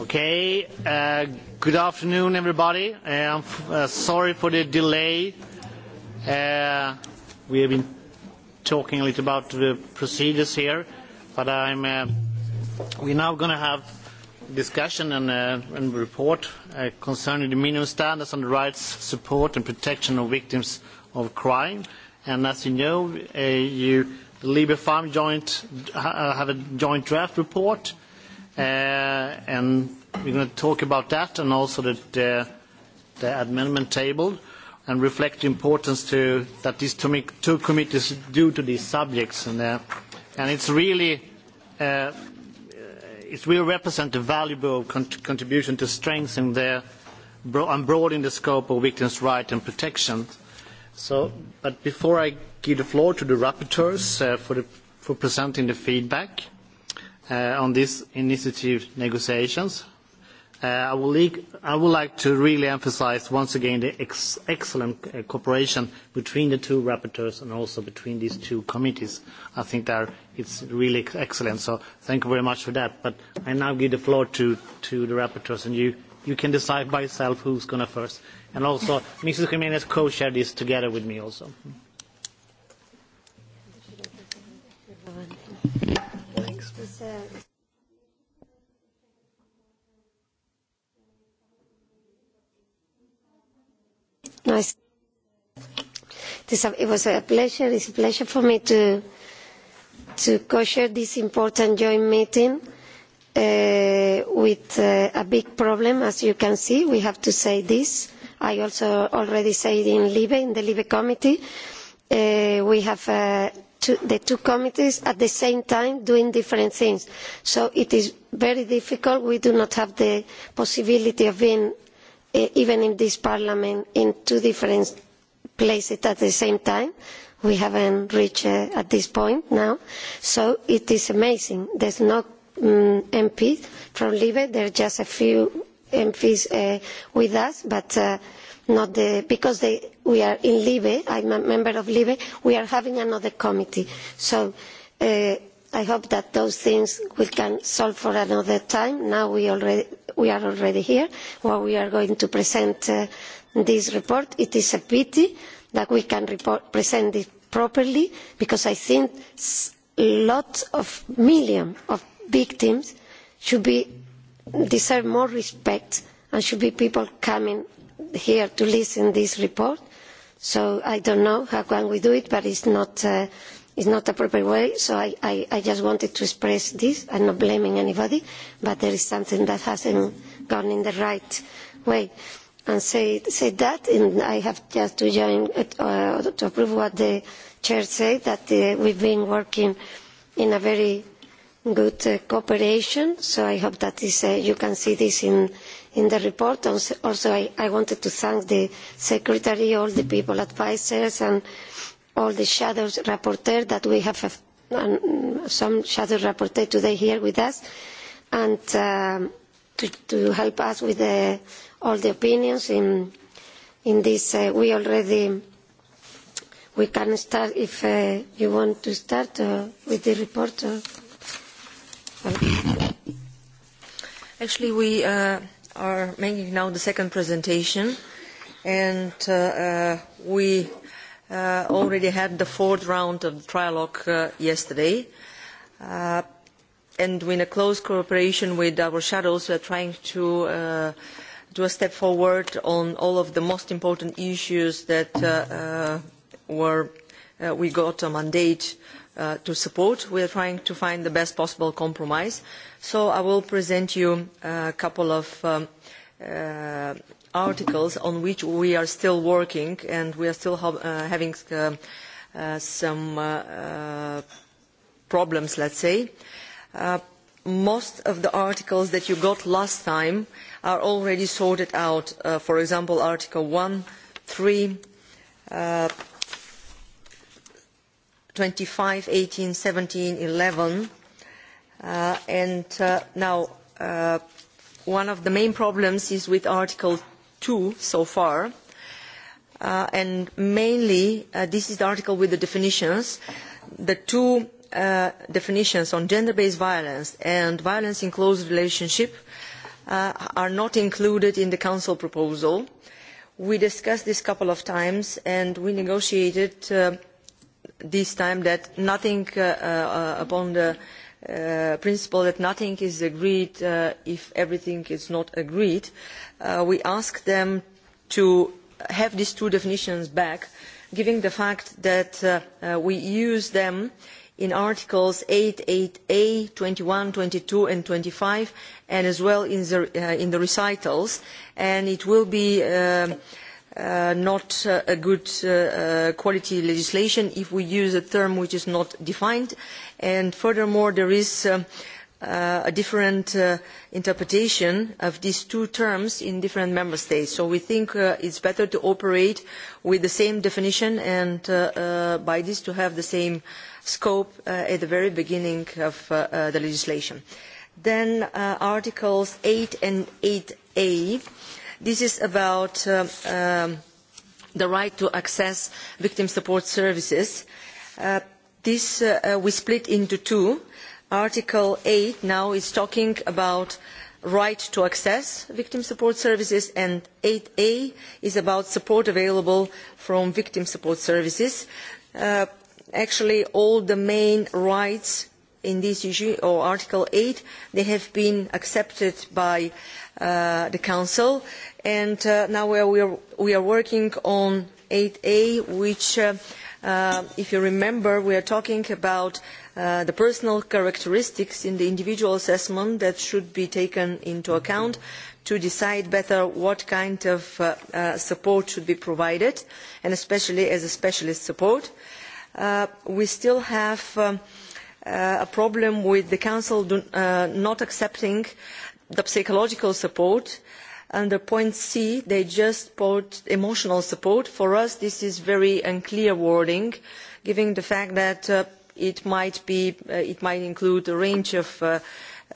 Okay, uh, good afternoon, everybody. Uh, I'm uh, sorry for the delay. Uh, we have been talking a little about the procedures here, but I'm, uh, we're now going to have discussion and, uh, and report uh, concerning the minimum standards on the rights, support and protection of victims of crime. And as you know, uh, you, the Libre Farm joint, ha uh, have a joint draft report Uh, and we're going to talk about that and also the, the, the amendment table and reflect the importance to, that these two, two committees do to these subjects. And, uh, and it's really, uh, it will represent a valuable cont contribution to strengthen the, bro and broaden the scope of victims' rights and protection. So, but before I give the floor to the rapporteurs uh, for, the, for presenting the feedback, uh, uh, on this initiative negotiations. Uh, I, will leak, I would like to really emphasize once again the ex excellent uh, cooperation between the two rapporteurs and also between these two committees. I think that it's really excellent, so thank you very much for that. But I now give the floor to, to the rapporteurs, and you, you can decide by yourself who's going to first. And also, Mrs. Jimenez co-chaired this together with me also uh, nice. This, uh, it was a pleasure. It's a pleasure for me to to co-share this important joint meeting uh, with uh, a big problem, as you can see. We have to say this. I also already said in Libe, in the Libe committee, uh, we have. Uh, two, the two committees at the same time doing different things. So it is very difficult. We do not have the possibility of being, uh, even in this parliament, in two different places at the same time. We haven't reached uh, at this point now. So it is amazing. There's no um, mm, MP from Libe. There are just a few MPs um, uh, with us, but uh, not the, because they, we are in LIBE, I'm a member of LIBE, we are having another committee. So uh, I hope that those things we can solve for another time. Now we, already, we are already here where we are going to present uh, this report. It is a pity that we can report, present it properly because I think lots of millions of victims should be deserve more respect and should be people coming here to listen to this report. So I don't know how can we do it, but it's not, uh, it's not appropriate way. So I, I, I just wanted to express this. I'm not blaming anybody, but there is something that hasn't gone in the right way. And say, say that, and I have just to join, uh, to approve what the chair said, that uh, we've been working in a very good uh, cooperation. So I hope that is, uh, you can see this in, in the report. Also, I, I wanted to thank the Secretary, all the people, advisors, and all the shadow rapporteurs that we have a, um, some shadow rapporteur today here with us, and um, to, to help us with the, all the opinions in, in this. Uh, we already we can start if uh, you want to start uh, with the report. Uh. Actually, we uh, are making now the second presentation, and uh, uh, we uh, already had the fourth round of the trialogue uh, yesterday. Uh, and in a close cooperation with our shadows, we are trying to uh, do a step forward on all of the most important issues that uh, uh, were, uh, we got a mandate uh, uh, to support. We are trying to find the best possible compromise. So I will present you a couple of um, uh, articles on which we are still working and we are still ha uh, having uh, uh, some uh, uh, problems, let's say. Uh, most of the articles that you got last time are already sorted out. Uh, for example, Article 1, 3, uh, 25, 18, 17, 11. Uh, and uh, now, uh, one of the main problems is with Article 2 so far. Uh, and mainly, uh, this is the article with the definitions. The two uh, definitions on gender-based violence and violence in close relationship uh, are not included in the Council proposal. We discussed this a couple of times and we negotiated uh, this time that nothing uh, uh, upon the uh, principle that nothing is agreed uh, if everything is not agreed. Uh, we ask them to have these two definitions back, given the fact that uh, uh, we use them in articles 8, 8a, 21, 22 and 25 and as well in the, uh, in the recitals and it will be uh, uh, not uh, a good uh, uh, quality legislation if we use a term which is not defined. And furthermore, there is um, uh, a different uh, interpretation of these two terms in different member states. So we think uh, it's better to operate with the same definition and uh, uh, by this to have the same scope uh, at the very beginning of uh, uh, the legislation. Then uh, Articles 8 and 8a This is about um, um, the right to access victim support services. Uh, this uh, uh we split into two. Article 8 now is talking about right to access victim support services and 8A is about support available from victim support services. Uh, actually all the main rights in this issue or Article 8, they have been accepted by uh, the Council and uh, now we are, we, are, we are working on 8A which, uh, uh, if you remember, we are talking about uh, the personal characteristics in the individual assessment that should be taken into account to decide better what kind of uh, uh, support should be provided and especially as a specialist support. Uh, we still have um, uh, uh, a problem with the Council do, uh, not accepting the psychological support. Under point C, they just put emotional support. For us, this is very unclear wording, given the fact that uh, it might be, uh, it might include a range of uh,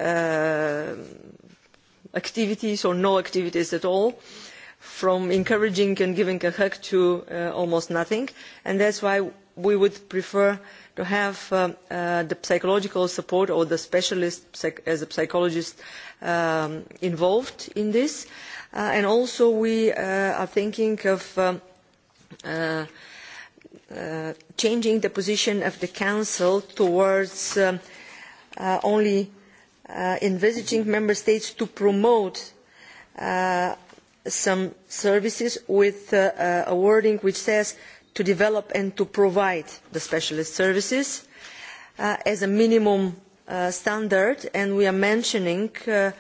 uh, activities or no activities at all. Uh, from encouraging and giving a hug to uh, almost nothing and that is why we would prefer to have um, uh, the psychological support or the specialist psych as a psychologist um, involved in this. Uh, and also we uh, are thinking of um, uh, uh, changing the position of the Council towards um, uh, only uh, envisaging Member States to promote uh, some services with uh, uh, a wording which says uh, to develop and to provide the specialist services uh, as a minimum uh, standard and we are mentioning uh,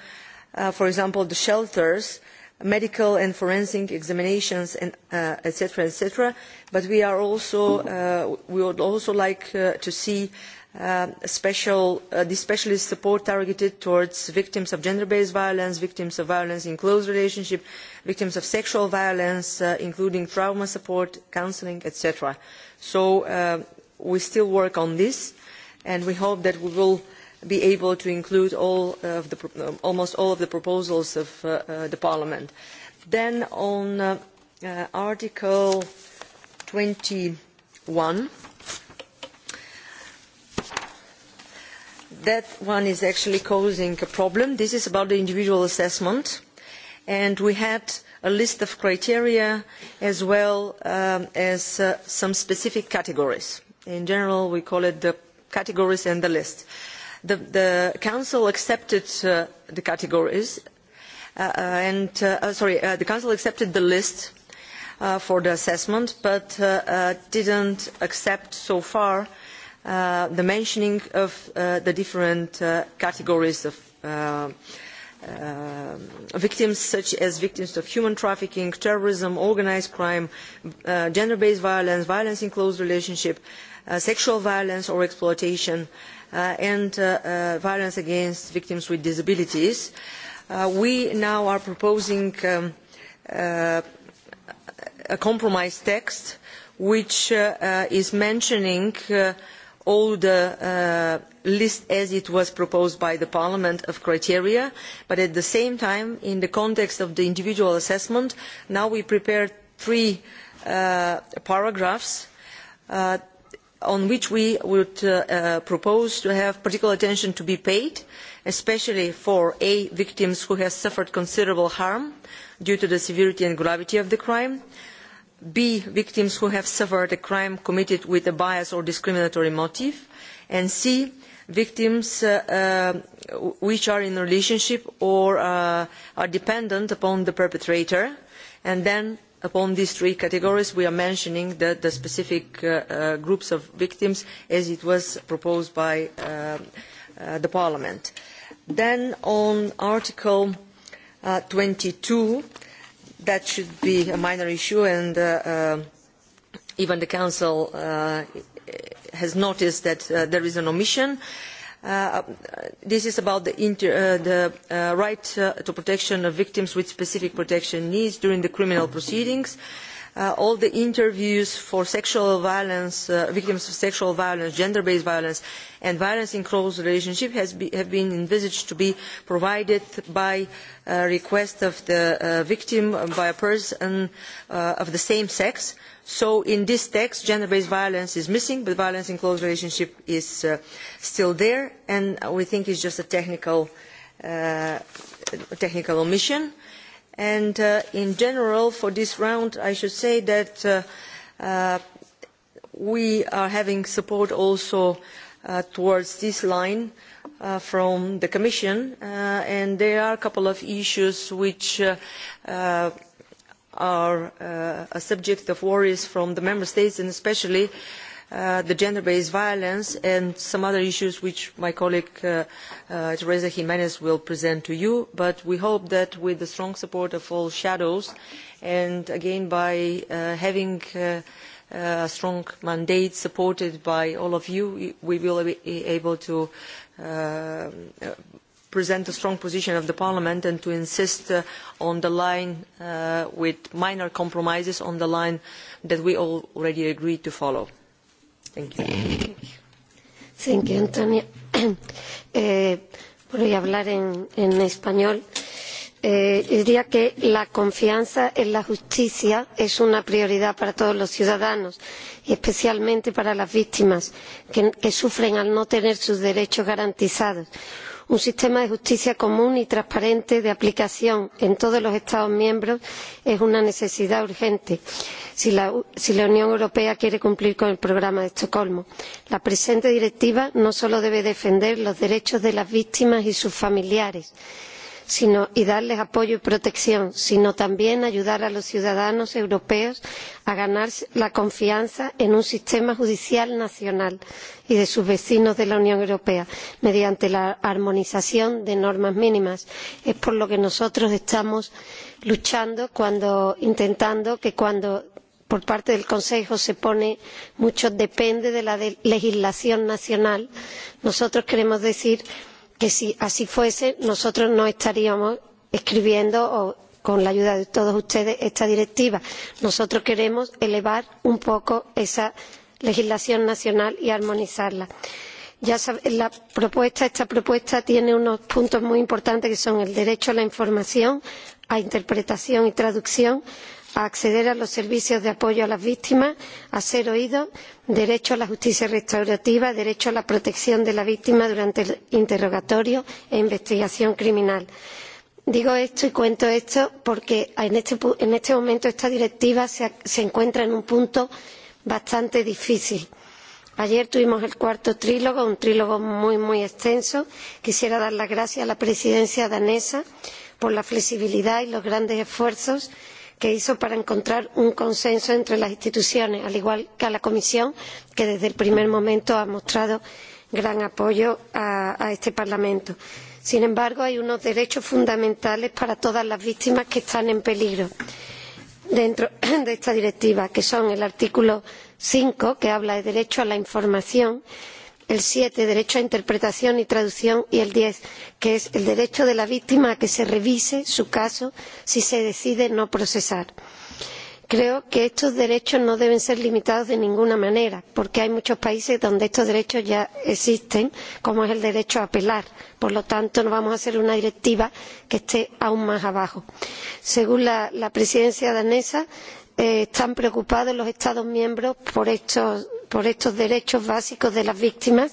uh, for example the shelters medical and forensic examinations and uh, etc etc but we are also uh, we would also like uh, to see uh, Uh, special, uh, the specialist support targeted towards victims of gender based violence victims of violence in close relationships victims of sexual violence uh, including trauma support counselling etc. so uh, we still work on this and we hope that we will be able to include all of the, um, almost all of the proposals of uh, uh, the parliament. then on article twenty one that one is actually causing a problem. This is about the individual assessment. And we had a list of criteria as well um, as uh, some specific categories. In general, we call it the categories and the list. The, the Council accepted uh, the categories, uh, uh and, uh, uh, sorry, uh, the Council accepted the list uh, for the assessment, but uh, uh, didn't accept so far uh, uh, the mentioning of uh, the different uh, categories of uh, uh, victims such as victims of human trafficking, terrorism, organized crime, uh, gender-based violence, violence in close relationship, uh, sexual violence or exploitation, uh, and uh, uh, violence against victims with disabilities. Uh, we now are proposing um, uh, a compromise text which uh, uh, is mentioning uh, older uh, list as it was proposed by parliament of criteria but at the same time in the context of the individual assessment now we prepared three uh, paragraphs uh, on which we would uh, uh, propose to have particular attention to be paid especially for a victims who have suffered considerable harm due to the severity and gravity of the crime and B, victims who have suffered a crime committed with a bias or discriminatory motive, and C, victims uh, uh, which are in a relationship or uh, are dependent upon the perpetrator. And then upon these three categories, we are mentioning the, the specific uh, uh, groups of victims as it was proposed by uh, uh, the Parliament. Then on Article uh, 22, that should be a minor issue and uh, uh, even the Council uh, has noticed that uh, there is an omission. Uh, this is about the, inter, uh, the uh, right uh, to protection of victims with specific protection needs during the criminal proceedings. Uh, uh, all the interviews for sexual violence, uh, victims of sexual violence, gender-based violence, and violence in close relationship has be, have been envisaged to be provided by uh, request of the uh, victim by a person uh, of the same sex. So in this text, gender-based violence is missing, but violence in close relationship is uh, still there, and we think it's just a technical, uh, technical omission. Uh, And uh, in general, for this round, I should say that uh, uh, we are having support also uh, towards this line uh, from the Commission, uh, and there are a couple of issues which uh, uh, are uh, a subject of worries from the Member States, and especially uh, uh, the gender-based violence and some other issues which my colleague uh, uh, Teresa Jimenez will present to you. But we hope that with the strong support of all shadows and again by uh, having uh, uh a strong mandate supported by all of you, we will be able to uh, present a strong position of the Parliament and to insist uh, on the line uh, with minor compromises on the line that we all already agreed to follow. Thank you. Thank you, Antonia. Eh, voy a hablar en, en español. Eh, diría que la confianza en la justicia es una prioridad para todos los ciudadanos y especialmente para las víctimas que, que sufren al no tener sus derechos garantizados. Eh, un sistema de justicia común y transparente de aplicación en todos los estados miembros es una necesidad urgente si la, si la unión europea quiere cumplir con el programa de estocolmo. la presente directiva no solo debe defender los derechos de las víctimas y sus familiares sino sino, y darles apoyo y protección, sino también ayudar a los ciudadanos europeos a ganar la confianza en un sistema judicial nacional y de sus vecinos de la Unión Europea mediante la armonización de normas mínimas. Es por lo que nosotros estamos luchando cuando intentando que cuando por parte del Consejo se pone mucho depende de la de legislación nacional. Nosotros queremos decir que si así fuese nosotros no estaríamos escribiendo o con la ayuda de todos ustedes esta directiva. Nosotros queremos elevar un poco esa legislación nacional y armonizarla. Ya sabe, la propuesta, esta propuesta tiene unos puntos muy importantes que son el derecho a la información, a interpretación y traducción, a acceder a los servicios de apoyo a las víctimas a ser oídos derecho a la justicia restaurativa derecho a la protección de la víctima durante el interrogatorio e investigación criminal. digo esto y cuento esto porque en este, en este momento esta directiva se, se encuentra en un punto bastante difícil. Ayer tuvimos el cuarto trílogo, un trílogo muy, muy extenso. Quisiera dar las gracias a la presidencia danesa por la flexibilidad y los grandes esfuerzos que que hizo para encontrar un consenso entre las instituciones al igual que a la comisión que desde el primer momento ha mostrado gran apoyo a, a este parlamento. sin embargo hay unos derechos fundamentales para todas las víctimas que están en peligro dentro de esta directiva que son el artículo cinco que habla de derecho a la información y el siete derecho a interpretación y traducción y el diez que es el derecho de la víctima a que se revise su caso si se decide no procesar. creo que estos derechos no deben ser limitados de ninguna manera porque hay muchos países donde estos derechos ya existen como es el derecho a apelar por lo tanto no vamos a hacer una directiva que esté aún más abajo. según la, la presidencia danesa eh, están preocupados los Estados miembros por estos, por estos derechos básicos de las víctimas,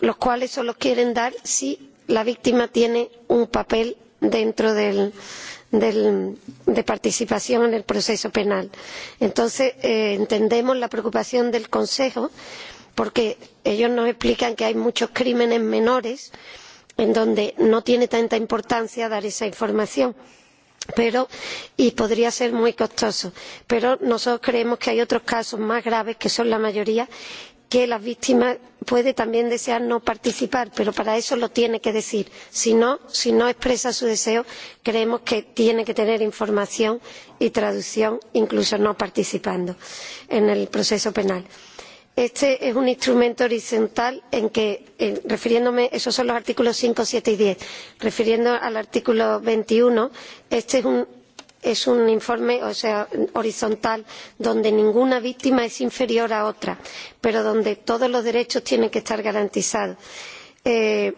los cuales solo quieren dar si la víctima tiene un papel dentro del, del, de participación en el proceso penal. Entonces, eh, entendemos la preocupación del Consejo porque ellos nos explican que hay muchos crímenes menores en donde no tiene tanta importancia dar esa información. Eh, pero y podría ser muy costoso pero nosotros creemos que hay otros casos más graves que son la mayoría que las víctimas puede también desear no participar pero para eso lo tiene que decir si no si no expresa su deseo creemos que tiene que tener información y traducción incluso no participando en el proceso penal. por este es un instrumento horizontal en que en, refiriéndome esos son los artículos cinco siete y diez refiriendo al artículo veintiuno este es un es un informe o sea, horizontal donde ninguna víctima es inferior a otra pero donde todos los derechos tienen que estar garantizados. Eh,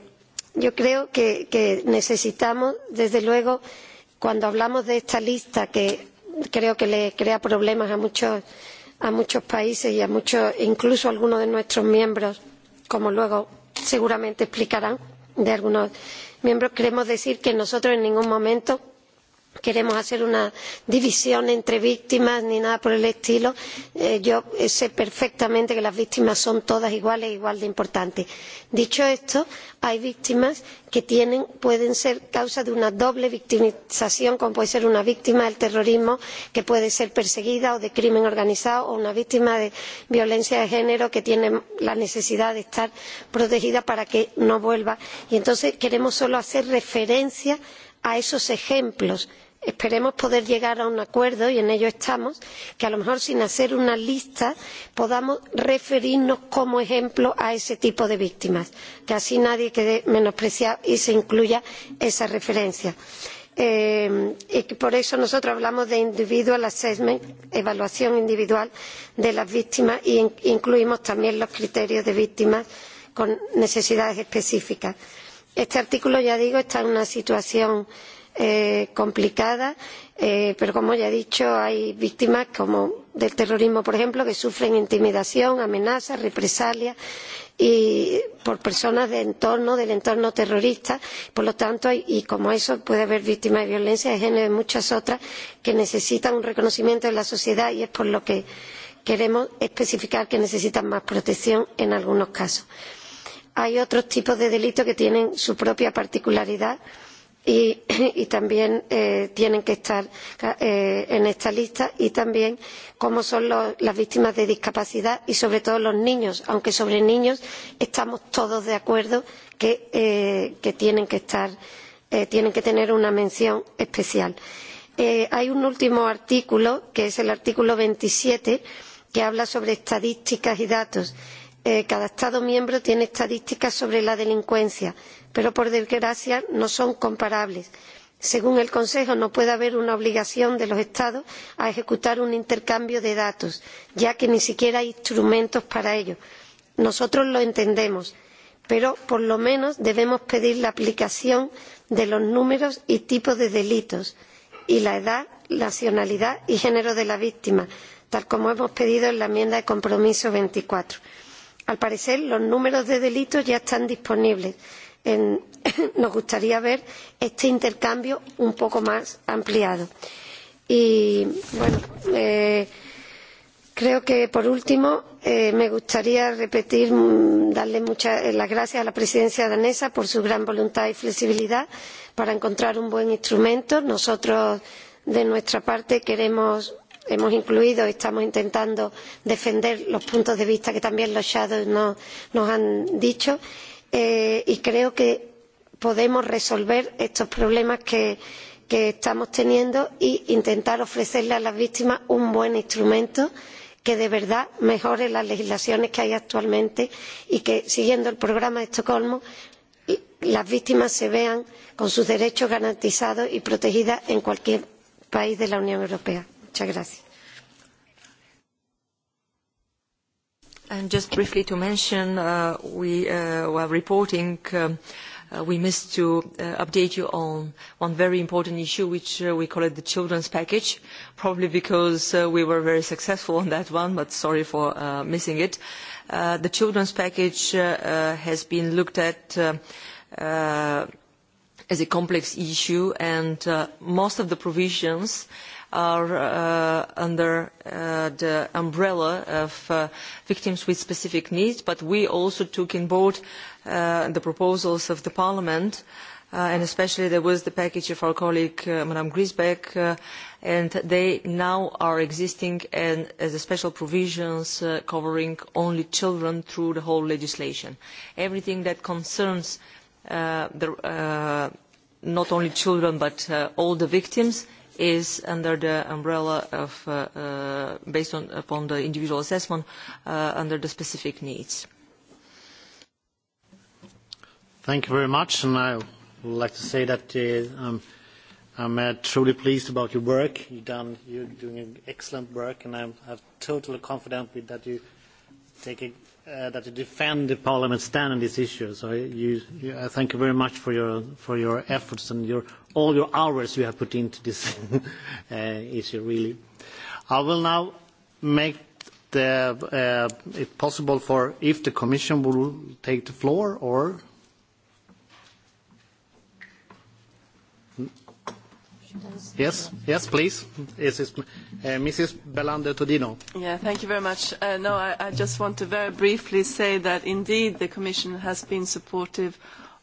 yo creo que, que necesitamos desde luego cuando hablamos de esta lista que creo que le crea problemas a muchos a muchos países y a muchos, incluso a algunos de nuestros miembros, como luego seguramente explicarán de algunos miembros, queremos decir que nosotros en ningún momento queremos hacer una división entre víctimas ni nada por el estilo. Eh, yo sé perfectamente que las víctimas son todas iguales e igual de importantes. Dicho esto, hay víctimas que tienen, pueden ser causa de una doble victimización, como puede ser una víctima del terrorismo que puede ser perseguida o de crimen organizado o una víctima de violencia de género que tiene la necesidad de estar protegida para que no vuelva. Y entonces queremos solo hacer referencia a a esos ejemplos. Esperemos poder llegar a un acuerdo, y en ello estamos, que a lo mejor sin hacer una lista podamos referirnos como ejemplo a ese tipo de víctimas, que así nadie quede menospreciado y se incluya esa referencia. Eh, y que por eso nosotros hablamos de individual assessment, evaluación individual de las víctimas e incluimos también los criterios de víctimas con necesidades específicas. Eh, Este artículo, ya digo, está en una situación eh, complicada, eh, pero como ya he dicho, hay víctimas como del terrorismo, por ejemplo, que sufren intimidación, amenazas, represalias y por personas de entorno, del entorno terrorista. Por lo tanto, y, y como eso puede haber víctimas de violencia de género y muchas otras que necesitan un reconocimiento de la sociedad y es por lo que queremos especificar que necesitan más protección en algunos casos. Eh, hay otros tipos de delitos que tienen su propia particularidad y, y también eh, tienen que estar eh, en esta lista y también cómo son los, las víctimas de discapacidad y sobre todo los niños, aunque sobre niños estamos todos de acuerdo que, eh, que tienen que estar eh, tienen que tener una mención especial. Eh, hay un último artículo, que es el artículo 27, que habla sobre estadísticas y datos eh, cada Estado miembro tiene estadísticas sobre la delincuencia, pero por desgracia no son comparables. Según el Consejo, no puede haber una obligación de los Estados a ejecutar un intercambio de datos, ya que ni siquiera hay instrumentos para ello. Nosotros lo entendemos, pero por lo menos debemos pedir la aplicación de los números y tipos de delitos y la edad, nacionalidad y género de la víctima, tal como hemos pedido en la enmienda de compromiso 24 al parecer los números de delitos ya están disponibles. En, nos gustaría ver este intercambio un poco más ampliado. Y bueno, eh, creo que por último eh, me gustaría repetir, mm, darle muchas eh, las gracias a la presidencia danesa por su gran voluntad y flexibilidad para encontrar un buen instrumento. Nosotros, de nuestra parte, queremos hemos incluido estamos intentando defender los puntos de vista que también los ponentes alternativos no, nos han dicho eh, y creo que podemos resolver estos problemas que, que estamos teniendo e intentar ofrecerle a las víctimas un buen instrumento que de verdad mejore las legislaciones que hay actualmente y que siguiendo el programa de estocolmo las víctimas se vean con sus derechos garantizados y protegidas en cualquier país de la unión europea. Muchas gracias. And just briefly to mention, uh, we uh, were reporting, um, uh, we missed to uh, update you on one very important issue, which uh, we call it the children's package, probably because uh, we were very successful on that one, but sorry for uh, missing it. Uh, the children's package uh, uh, has been looked at uh, uh, as a complex issue, and uh, most of the provisions uh, are uh, under uh, the umbrella of uh, victims with specific needs, but we also took on board uh, the proposals of the Parliament, uh, and especially there was the package of our colleague uh, Madame Griesbeck, uh, and they now are existing and as a special provisions uh, covering only children through the whole legislation. Everything that concerns uh, the, uh, not only children but uh, all the victims is under the umbrella of, uh, uh, based on, upon the individual assessment, uh, under the specific needs. Thank you very much, and I would like to say that uh, um, I'm uh, truly pleased about your work. You've done, you're doing excellent work, and I'm, I'm totally confident with that you take a, uh, that you defend the Parliament's stand on this issue. So you, you, I thank you very much for your for your efforts and your all your hours you have put into this uh, issue, really. I will now make the, uh, it possible for if the commission will take the floor or Yes, yes, please. This is uh, Mrs. Belander Todino. Yeah, thank you very much. Uh, no, I, I just want to very briefly say that indeed the Commission has been supportive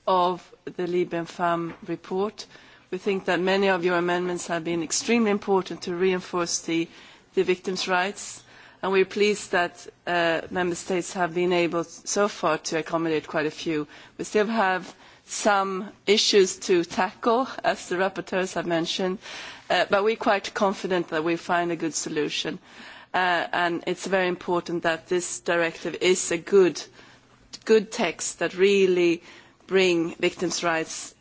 of the Lieben FAM report. Uh, We think that many of your amendments have been extremely important to reinforce the, the victims' rights, and we're pleased that uh, member states have been able so far to accommodate quite a few. We still have some issues to tackle, as the rapporteurs have mentioned, uh, but we're quite confident that we'll find a good solution. Uh, and it's very important that this directive is a good, good text that really bring victims' rights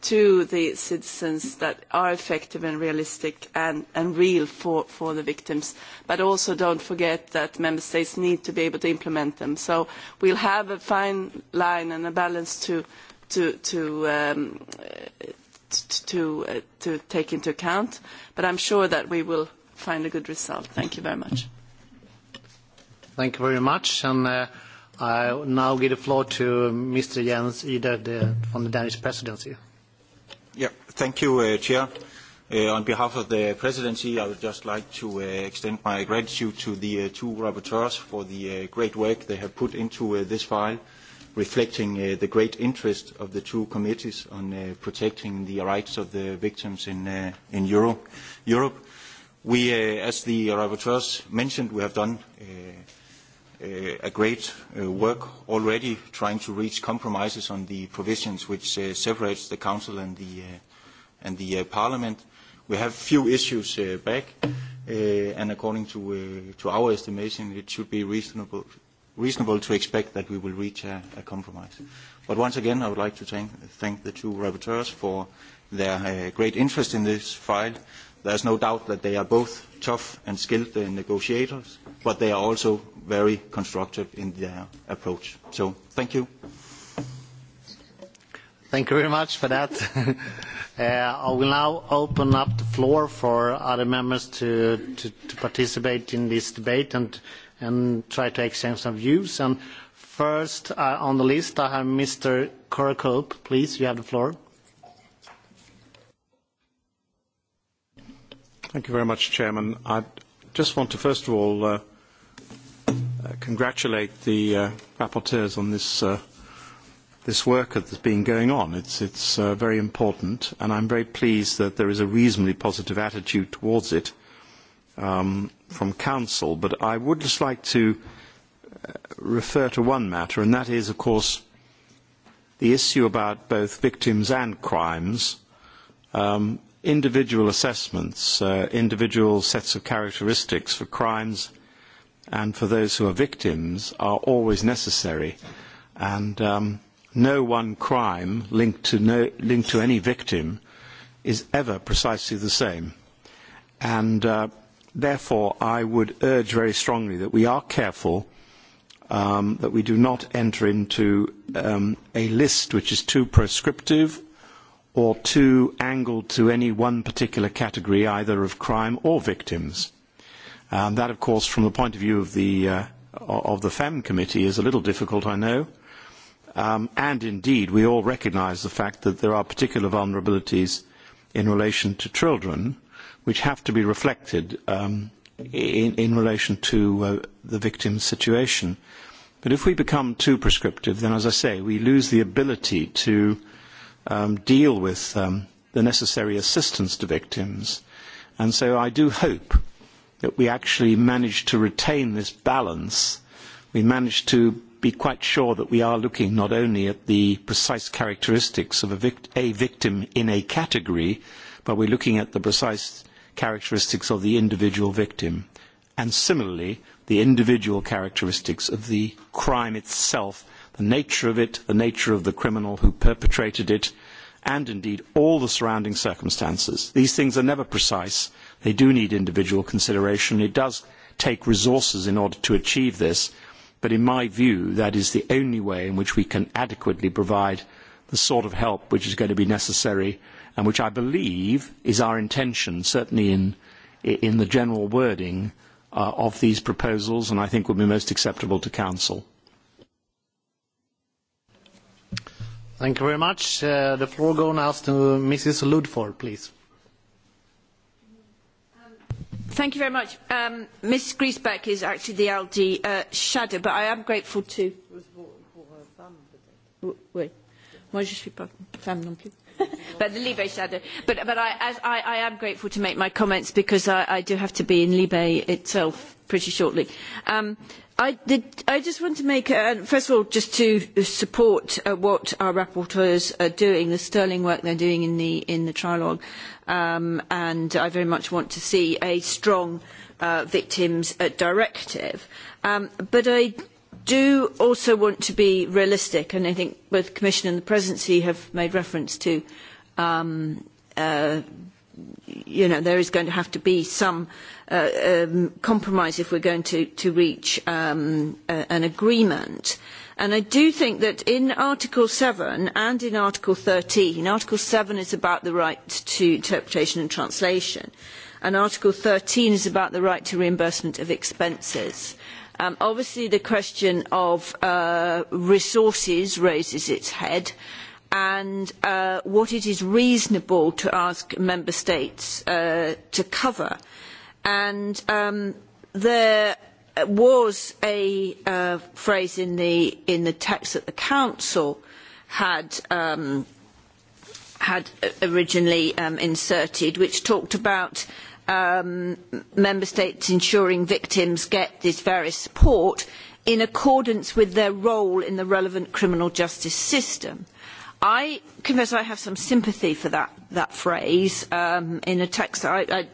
to the citizens that are effective and realistic and, and real for, for the victims. But also don't forget that member states need to be able to implement them. So we'll have a fine line and a balance to, to, to, um, to, uh, to take into account. But I'm sure that we will find a good result. Thank you very much. Thank you very much. And, uh, I now give the floor to Mr. Jens Ide the, from the Danish presidency. Yeah, thank you, uh, Chair. Uh, on behalf of the Presidency, I would just like to uh, extend my gratitude to the uh, two rapporteurs for the uh, great work they have put into uh, this file, reflecting uh, the great interest of the two committees on uh, protecting the rights of the victims in, uh, in Euro Europe. We, uh, as the rapporteurs mentioned, we have done uh, Uh, a great uh, work already trying to reach compromises on the provisions which uh, separates the Council and the, and the Parliament. We have few issues back, and according to, to our estimation, it should be reasonable, reasonable to expect that we will reach a, a compromise. But once again, I would like to thank, thank the two rapporteurs for their great interest in this file There is no doubt that they are both tough and skilled uh, negotiators, but they are also very constructive in their approach. So thank you. Thank you very much for that. uh, I will now open up the floor for other members to, to, to participate in this debate and, and try to exchange some views. And first uh, on the list, I have Mr. Kirkhope. Please, you have the floor. Thank you very much, Chairman. I just want to first of all uh, uh, congratulate the uh, rapporteurs on this uh, this work that's been going on. It's it's uh, very important, and I'm very pleased that there is a reasonably positive attitude towards it um, from Council. But I would just like to uh, refer to one matter, and that is, of course, the issue about both victims and crimes. Um, individual assessments, uh, individual sets of characteristics for crimes and for those who are victims are always necessary. And um, no one crime linked to, no, linked to any victim is ever precisely the same. And uh, therefore, I would urge very strongly that we are careful um, that we do not enter into um, a list which is too prescriptive or two, angled to any one particular category, either of crime or victims. Um, that, of course, from the point of view of the, uh, of the FAM e committee, is a little difficult, I know. Um, and indeed, we all recognise the fact that there are particular vulnerabilities in relation to children, which have to be reflected um, in, in relation to uh, the victim's situation. But if we become too prescriptive, then, as I say, we lose the ability to um, deal with um, the necessary assistance to victims. And so I do hope that we actually manage to retain this balance. We manage to be quite sure that we are looking not only at the precise characteristics of a, vict- a victim in a category, but we're looking at the precise characteristics of the individual victim, and similarly, the individual characteristics of the crime itself the nature of it, the nature of the criminal who perpetrated it, and indeed all the surrounding circumstances. These things are never precise. They do need individual consideration. It does take resources in order to achieve this, but in my view, that is the only way in which we can adequately provide the sort of help which is going to be necessary and which I believe is our intention, certainly in, in the general wording uh, of these proposals, and I think would be most acceptable to Council. Thank you very much. Uh, the floor goes now to Mrs. Ludford, please. Thank you very much. Um, Ms. Griesbeck is actually the LD uh, shadow, but I am grateful to. Oui. Moi, je suis pas femme non plus. but the Libe shadow. But, but I, as I, I am grateful to make my comments because I, I do have to be in Libe itself pretty shortly. Um, uh, I, did, I just want to make, uh, first of all, just to support uh, what our rapporteurs are doing, the sterling work they're doing in the, in the trilogue. Um, and I very much want to see a strong uh, victims uh, directive. Um, but I do also want to be realistic, and I think both the Commission and the Presidency have made reference to um, uh, you know, there is going to have to be some uh, um, compromise if we're going to, to reach um, a, an agreement. And I do think that in Article 7 and in Article 13, Article 7 is about the right to interpretation and translation, and Article 13 is about the right to reimbursement of expenses. Um, obviously, the question of uh, resources raises its head. Uh, and uh, what it is reasonable to ask member states uh, to cover. And um, there was a uh, phrase in the in the text that the council had um, had originally um, inserted, which talked about um, member states ensuring victims get this various support in accordance with their role in the relevant criminal justice system. Uh, I confess I have some sympathy for that, that phrase um, in a text. I, I,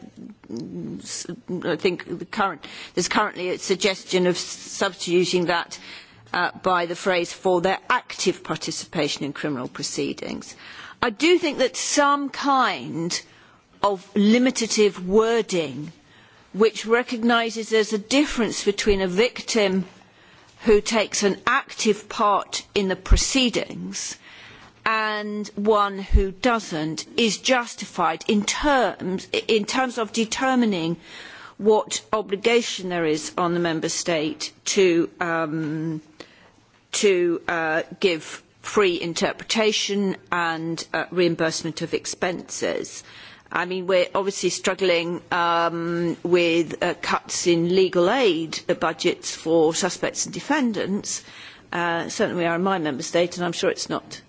I think the current, there's currently a suggestion of substituting that uh, by the phrase for their active participation in criminal proceedings. I do think that some kind of limitative wording which recognises there's a difference between a victim who takes an active part in the proceedings and one who doesn't is justified in terms, in terms of determining what obligation there is on the member state to, um, to uh, give free interpretation and uh, reimbursement of expenses. I mean, we're obviously struggling um, with uh, cuts in legal aid budgets for suspects and defendants. Uh, certainly we are in my member state, and I'm sure it's not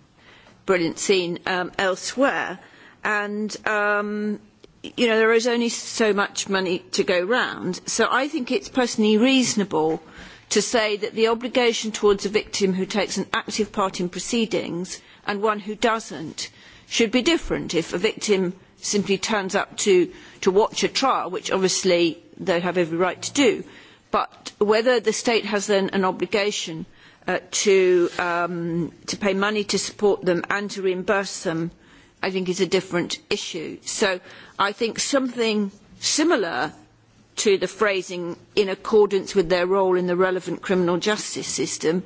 brilliant scene um, elsewhere. And, um, you know, there is only so much money to go round. So I think it's personally reasonable to say that the obligation towards a victim who takes an active part in proceedings and one who doesn't should be different if a victim simply turns up to, to watch a trial, which obviously they have every right to do. But whether the state has then an obligation uh, to, um, to pay money to support them and to reimburse them, I think is a different issue. So I think something similar to the phrasing in accordance with their role in the relevant criminal justice system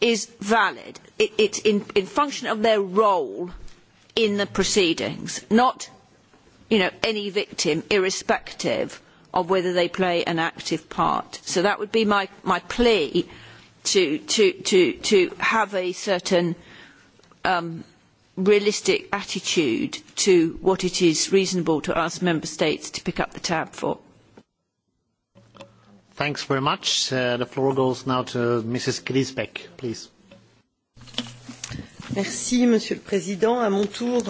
is valid. It, it's in, in function of their role in the proceedings, not you know, any victim, irrespective of whether they play an active part. So that would be my, my plea to, to, to, to have a certain um, realistic attitude to what it is reasonable to ask member states to pick up the tab for. Thanks very much. Uh, the floor goes now to Mrs. Griesbeck, please. Merci, Monsieur le Président. À mon tour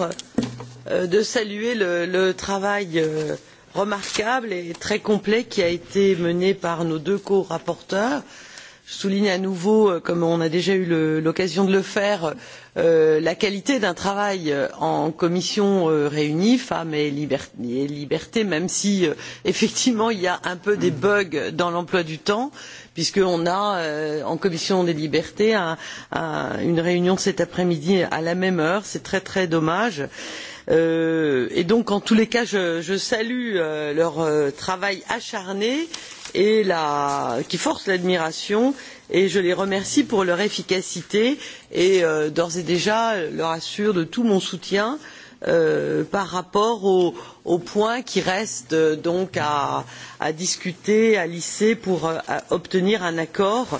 euh, de saluer le, le travail euh, remarquable et très complet qui a été mené par nos deux co-rapporteurs. Euh, je souligne à nouveau euh, comme on a déjà eu l'occasion de le faire euh, la qualité d'un travail euh, en commission euh, réunie femmes et, liber et libertés même si euh, effectivement il y a un peu des mm-hmm. bugs dans l'emploi du temps puisqu'on a euh, en commission des libertés un, un, une réunion cet après midi à la même heure c'est très très dommage et donc en tous les cas je, je salue leur travail acharné et et la, qui forcent l'admiration et je les remercie pour leur efficacité et euh, d'ores et déjà leur assure de tout mon soutien euh, par rapport aux au points qui restent euh, donc à, à discuter, à lisser pour euh, à obtenir un accord. Euh,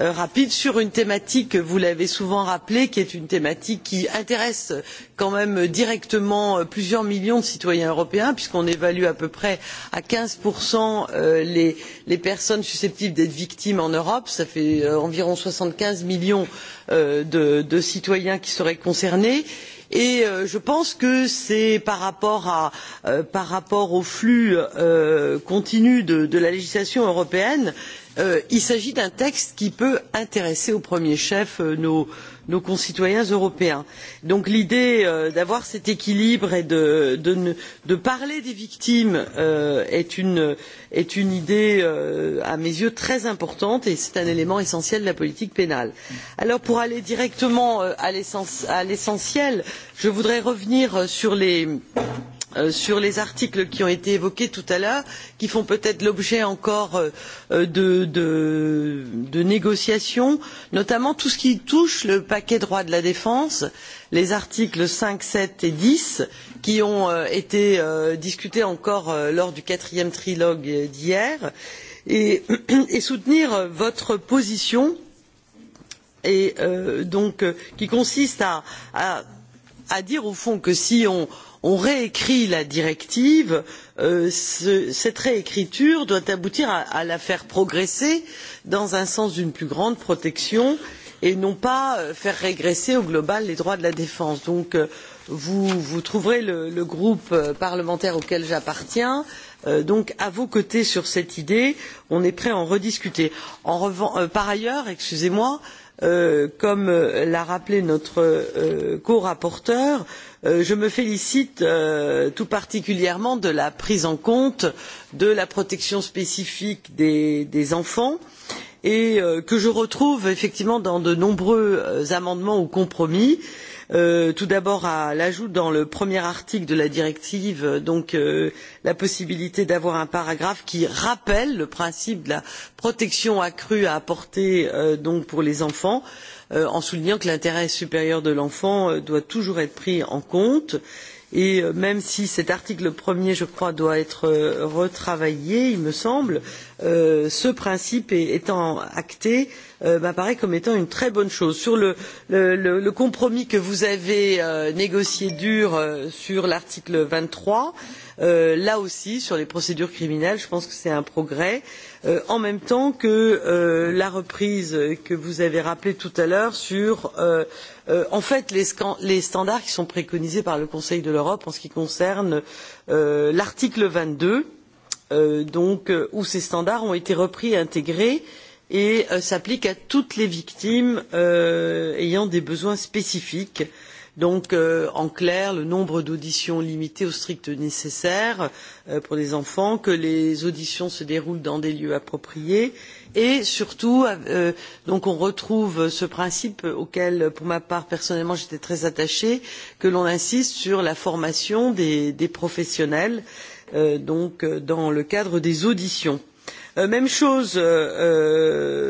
Euh, rapide sur une thématique que vous l'avez souvent rappelée qui est une thématique qui intéresse quand même directement euh, plusieurs millions de citoyens européens puisqu'on évalue à peu près à quinze euh, les, les personnes susceptibles d'être victimes en europe cela fait environ soixante quinze millions de, de citoyens qui seraient concernés et je pense que c'est par rapport, à, euh, par rapport au flux euh, continu de, de la législation européenne euh, il s'agit d'un texte qui peut intéresser au premier chef euh, nos, nos concitoyens européens. donc l'idée euh, d'avoir cet équilibre et de, de, ne, de parler des victimes euh, est une, est une idée euh, à mes yeux très importante et c'est un élément essentiel de la politique pénale. alors pour aller directement euh, à l'essentiel je voudrais revenir sur les points Euh, sur les articles qui ont été évoqués tout à l'heure qui font peut être l'objet encore euh, euh, de, de, de négociations notamment tout ce qui touche le paquet droit de la défense les articles cinq sept et dix qui ont été discutés encore lors du quatrième trilogue d'hier et, et soutenir votre position et, euh, donc, qui consiste à, à, à dire au fond que si on on réécrit la directive euh, ce, cette réécriture doit aboutir à, à la faire progresser dans un sens d'une plus grande protection et non pas euh, faire régresser au global les droits de la défense. donc euh, vous, vous trouverez le, le groupe euh, parlementaire auquel j'appartiens euh, donc à vos côtés sur cette idée on est prêt à en rediscuter. En revan, euh, par ailleurs excusez moi euh, comme l'a rappelé notre corapporteur Euh, je me félicite euh, tout particulièrement de la prise en compte de la protection spécifique des, des enfants et euh, que je retrouve effectivement dans de nombreux amendements ou compromis tout d'abord à l'ajout dans le premier article de la directive donc euh, la possibilité d'avoir un paragraphe qui rappelle le principe de la protection accrue à apporter euh, donc pour les enfants. je Euh, en soulignant que l'intérêt supérieur de l'enfant euh, doit toujours être pris en compte et euh, même si cet article premier je crois doit être retravaillé il me semble euh, ce principe étant acté euh, m'apparaît comme étant une très bonne chose. sur le, le, le compromis que vous avez euh, négocié dur sur l'article vingt trois je euh, là aussi sur les procédures criminelles je pense que c'est un progrès euh, en même temps que euh, la reprise que vous avez rappelée tout à l'heure sur euh, euh, en fait les, les standards qui sont préconisés par le conseil de l'europe en ce qui concerne euh, l'article vingt deux donc où ces standards ont été repris et intégrés et s'appliquent à toutes les victimes ayant des besoins spécifiques euh, donc euh, en clair le nombre d'auditions limité au strict nécessaire euh, pour les enfants que les auditions se déroulent dans des lieux appropriés et surtout euh, donc on retrouve ce principe auquel pour ma part personnellement j'étais très attachée que l'on insiste sur la formation des, des professionnels euh, donc euh, dans le cadre des auditions. Euh, même chose euh,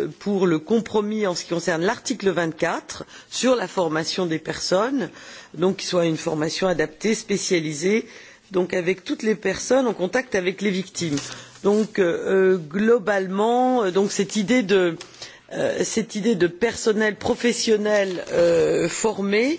euh, pour le compromis en ce qui concerne l'article vingt quatre sur la formation des personnes donc qui soit une formation adaptée spécialisée donc avec toutes les personnes en contact avec les victimes. donc globalement donc cette idée de cette idée de personnel professionnel formé euh,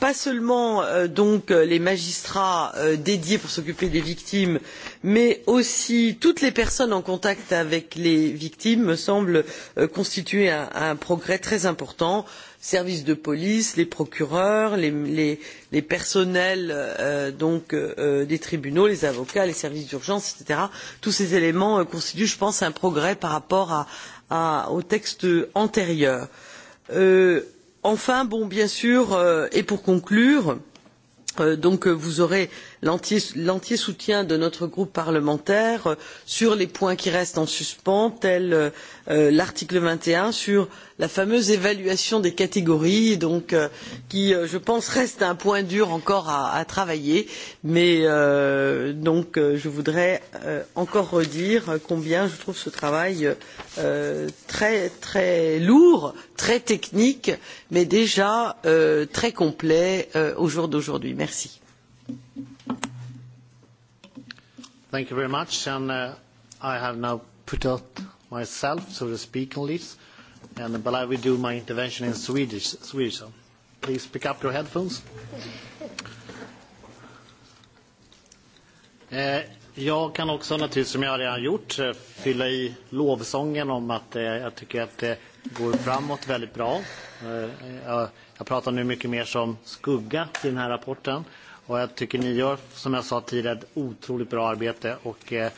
pas seulement euh, donc euh, les magistrats euh, dédiés pour s'occuper des victimes mais aussi toutes les personnes en contact avec les victimes me semble euh, constituer un, un progrès très important services de police les procureurs les, les, les personnels euh, donc, euh, euh des tribunaux les avocats les services d'urgence etc. tous ces éléments euh, constituent je pense un progrès par rapport à, à, au texte antérieur. Euh, enfin bon, bien sûr euh, et pour conclure euh, donc euh, vous aurez l'entier soutien de notre groupe parlementaire euh, sur les points qui restent en suspens tels euh, l'article vingt et un sur la fameuse évaluation des catégories donc, euh, qui euh, je pense reste un point dur encore à, à travailler mais euh, donc euh, je voudrais euh, encore redire combien je trouve ce travail euh, très très lourd très technique mais déjà euh, très complet euh, au jour d'aujourd'hui. merci. Thank you very much. And uh, I have now put up myself to the speaking list and, but I will do my intervention in Swedish, Swedish so please pick up your headphones. Eh, jag kan också naturligtvis, som jag redan gjort, eh, fylla i lovsången om att eh, jag tycker att det går framåt väldigt bra. Eh, jag pratar nu mycket mer som skugga till den här rapporten och jag tycker ni gör, som jag sa tidigare, ett otroligt bra arbete och eh,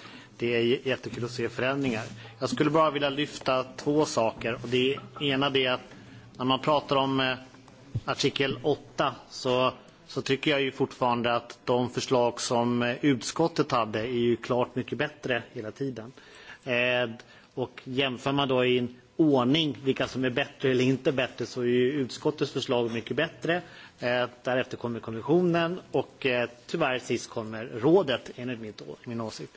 det är jättekul att se förändringar. Jag skulle bara vilja lyfta två saker. Och det ena det är att när man pratar om eh, artikel 8 så, så tycker jag ju fortfarande att de förslag som eh, utskottet hade är ju klart mycket bättre hela tiden. Eh, och jämför man då i en ordning vilka som är bättre eller inte bättre så är ju utskottets förslag mycket bättre. Eh, därefter kommer kommissionen och eh, tyvärr sist kommer rådet enligt mitt, min åsikt.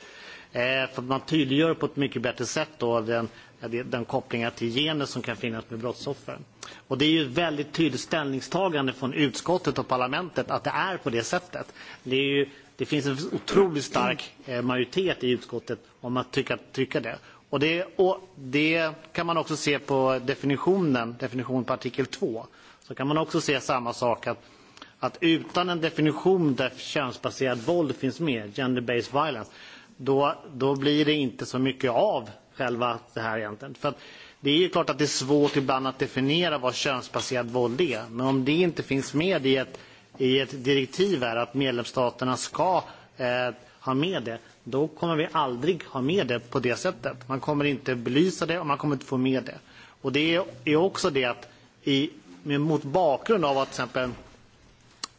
Eh, för man tydliggör på ett mycket bättre sätt då den, eh, den kopplingen till gener som kan finnas med brottsoffer. Och det är ju ett väldigt tydligt ställningstagande från utskottet och parlamentet att det är på det sättet. Det, är ju, det finns en otroligt stark eh, majoritet i utskottet om att tycka, tycka det. Och det, och det kan man också se på definitionen, definition på artikel 2. Så kan man också se samma sak att, att utan en definition där könsbaserad våld finns med, gender-based violence, då, då blir det inte så mycket av själva det här egentligen. För att det är ju klart att det är svårt ibland att definiera vad könsbaserad våld är. Men om det inte finns med i ett, i ett direktiv här att medlemsstaterna ska eh, ha med det, då kommer vi aldrig ha med det på det sättet. Man kommer inte belysa det och man kommer inte få med det. Och det är också det att i, mot bakgrund av att till exempel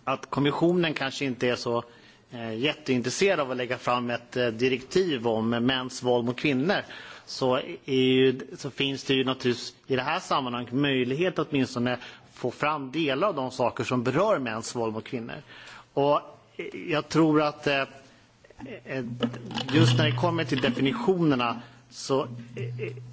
att kommissionen kanske inte är så eh, Eh, jätteintresserad av att lägga fram ett eh, direktiv om mäns våld mot kvinnor så, ju, så finns det ju naturligtvis i det här sammanhanget möjlighet att åtminstone få fram delar av de saker som berör mäns våld mot kvinnor. Och jag tror att eh, eh just när det kommer till definitionerna så,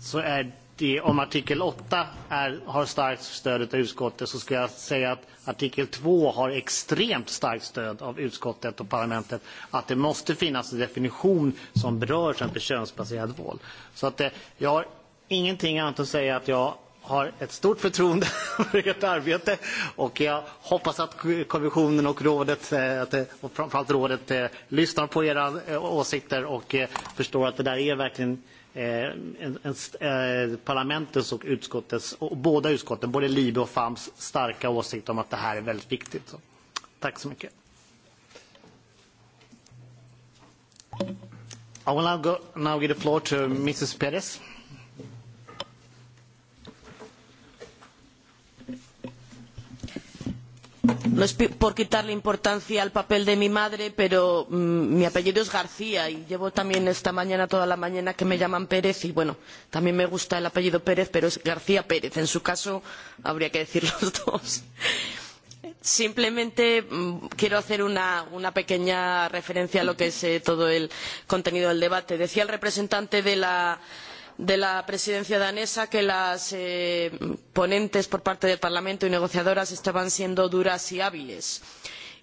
så är det, om artikel 8 är, har starkt stöd av utskottet så ska jag säga att artikel 2 har extremt starkt stöd av utskottet och parlamentet. Att det måste finnas en definition som berör till exempel könsbaserad våld. Så att, eh, jag har ingenting annat att säga att jag har ett stort förtroende för ert arbete och jag hoppas att kommissionen och rådet, eh, eh, och framförallt rådet, eh, lyssnar på era åsikter och förstår att det där är verkligen Eh, eh, parlamentets och utskottets, och båda utskotten, både LIBE och FAMS, starka åsikt om att det här är väldigt viktigt. Så, tack så mycket. I will now, go, now give the floor to Mrs. Perez no es por quitarle importancia al papel de mi madre, pero mm, mi apellido es García y llevo también esta mañana, toda la mañana, que me llaman Pérez y bueno, también me gusta el apellido Pérez, pero es García Pérez. En su caso habría que decir los dos. Simplemente mm, quiero hacer una, una pequeña referencia a lo que es eh, todo el contenido del debate. Decía el representante de la de la presidencia danesa que las eh, ponentes por parte del parlamento y negociadoras estaban siendo duras y hábiles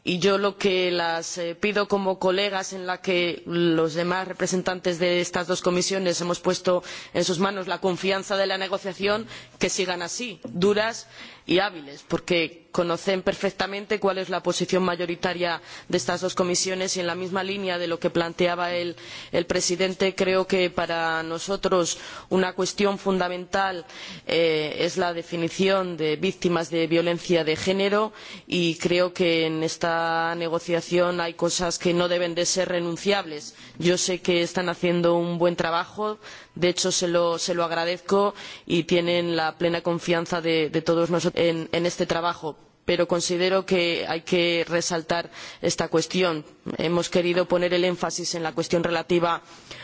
y yo lo que les eh, pido como colegas en las que los demás representantes de estas dos comisiones hemos puesto en sus manos la confianza de la negociación es que sigan así duras y y hábiles porque conocen perfectamente cuál es la posición mayoritaria de estas dos comisiones y en la misma línea de lo que planteaba el, el presidente creo que para nosotros una cuestión fundamental eh, es la definición de víctimas de violencia de género y creo que en esta negociación hay cosas que no deben de ser renunciables. yo sé que están haciendo un buen trabajo De hecho, se lo, se lo agradezco y tienen la plena confianza de, de todos nosotros en, en este trabajo pero considero que hay que resaltar esta cuestión. Hemos querido poner el énfasis en la cuestión relativa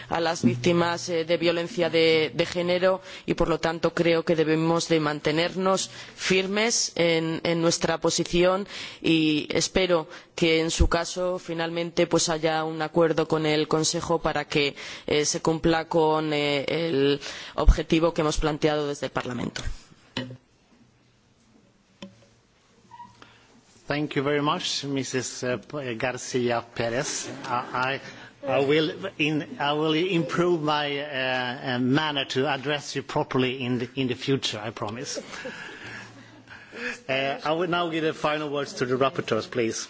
a las víctimas eh, de violencia de, de género y, por lo tanto, creo que debemos de mantenernos firmes en, en nuestra posición y espero que, en su caso, finalmente pues haya un acuerdo con el Consejo para que eh, se cumpla con eh, el objetivo que hemos planteado desde el Parlamento. Gracias. Thank you very much, Mrs. Uh, Garcia Perez. I, I, will, in, I will improve my uh, uh, manner to address you properly in the, in the future, I promise. Uh, I will now give the final words to the rapporteurs, please.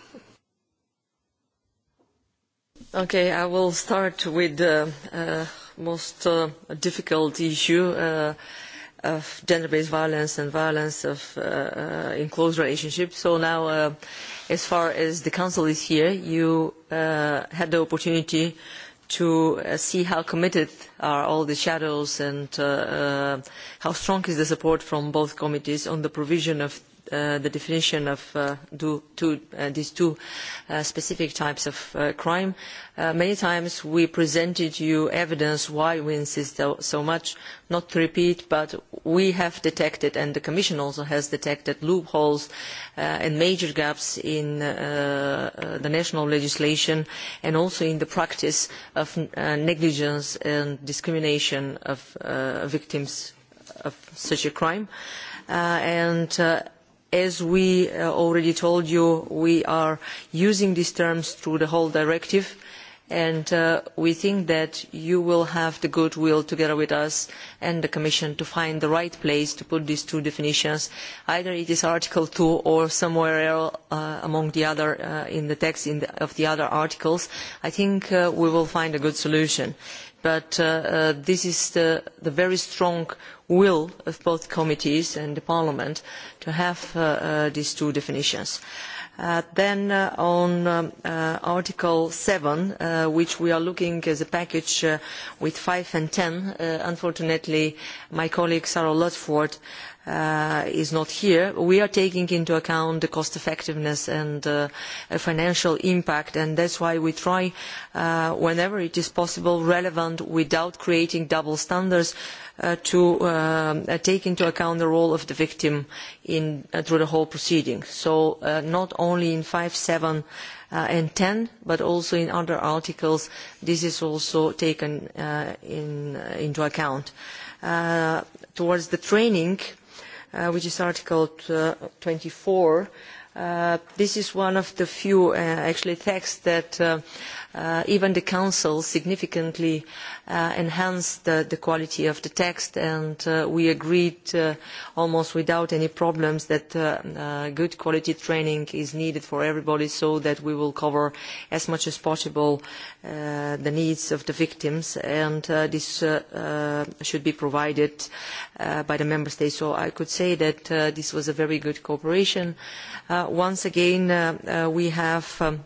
Okay, I will start with the uh, uh, most uh, difficult issue. Uh, of gender-based violence and violence of, uh, uh, in close relationships. So now, uh, as far as the Council is here, you uh, had the opportunity to uh, see how committed are all the shadows and uh, uh, how strong is the support from both committees on the provision of uh, the definition of uh, do, two, uh, these two uh, specific types of uh, crime, uh, many times we presented you evidence why we insist so, so much, not to repeat, but we have detected, and the Commission also has detected, loopholes uh, and major gaps in uh, uh, the national legislation and also in the practice of uh, negligence and discrimination of uh, victims of such a crime. Uh, and uh, as we uh, already told you, we are using these terms through the whole directive, and uh, we think that you will have the goodwill together with us and the Commission to find the right place to put these two definitions. Either it is Article 2 or somewhere else uh, among the other uh, in the text in the, of the other articles. I think uh, we will find a good solution. Uh, but uh, uh, this is the, the very strong will of both committees and parliament to have uh, these two definitions. Uh, then uh, on um, uh, article seven which we are looking at as a package with five and ten unfortunately my colleague sarah ludford has uh, is not here, we are taking into account the cost effectiveness and uh, financial impact, and that's why we try, uh, whenever it is possible, relevant without creating double standards, uh, to um, uh, take into account the role of the victim in, uh, through the whole proceeding. So uh, not only in 5, 7 uh, and 10, but also in other articles, this is also taken uh, in, uh, into account. Uh, towards the training, uh, uh, which is Article uh, 24. Uh, this is one of the few, uh, actually, texts that uh, uh, even the Council significantly uh, enhanced the, the quality of the text and uh, we agreed uh, almost without any problems that uh, uh, good quality training is needed for everybody so that we will cover as much as possible uh, the needs of the victims and uh, this uh, uh, should be provided uh, by the Member States. So I could say that uh, this was a very good cooperation. Uh, once again, uh, uh, we have um,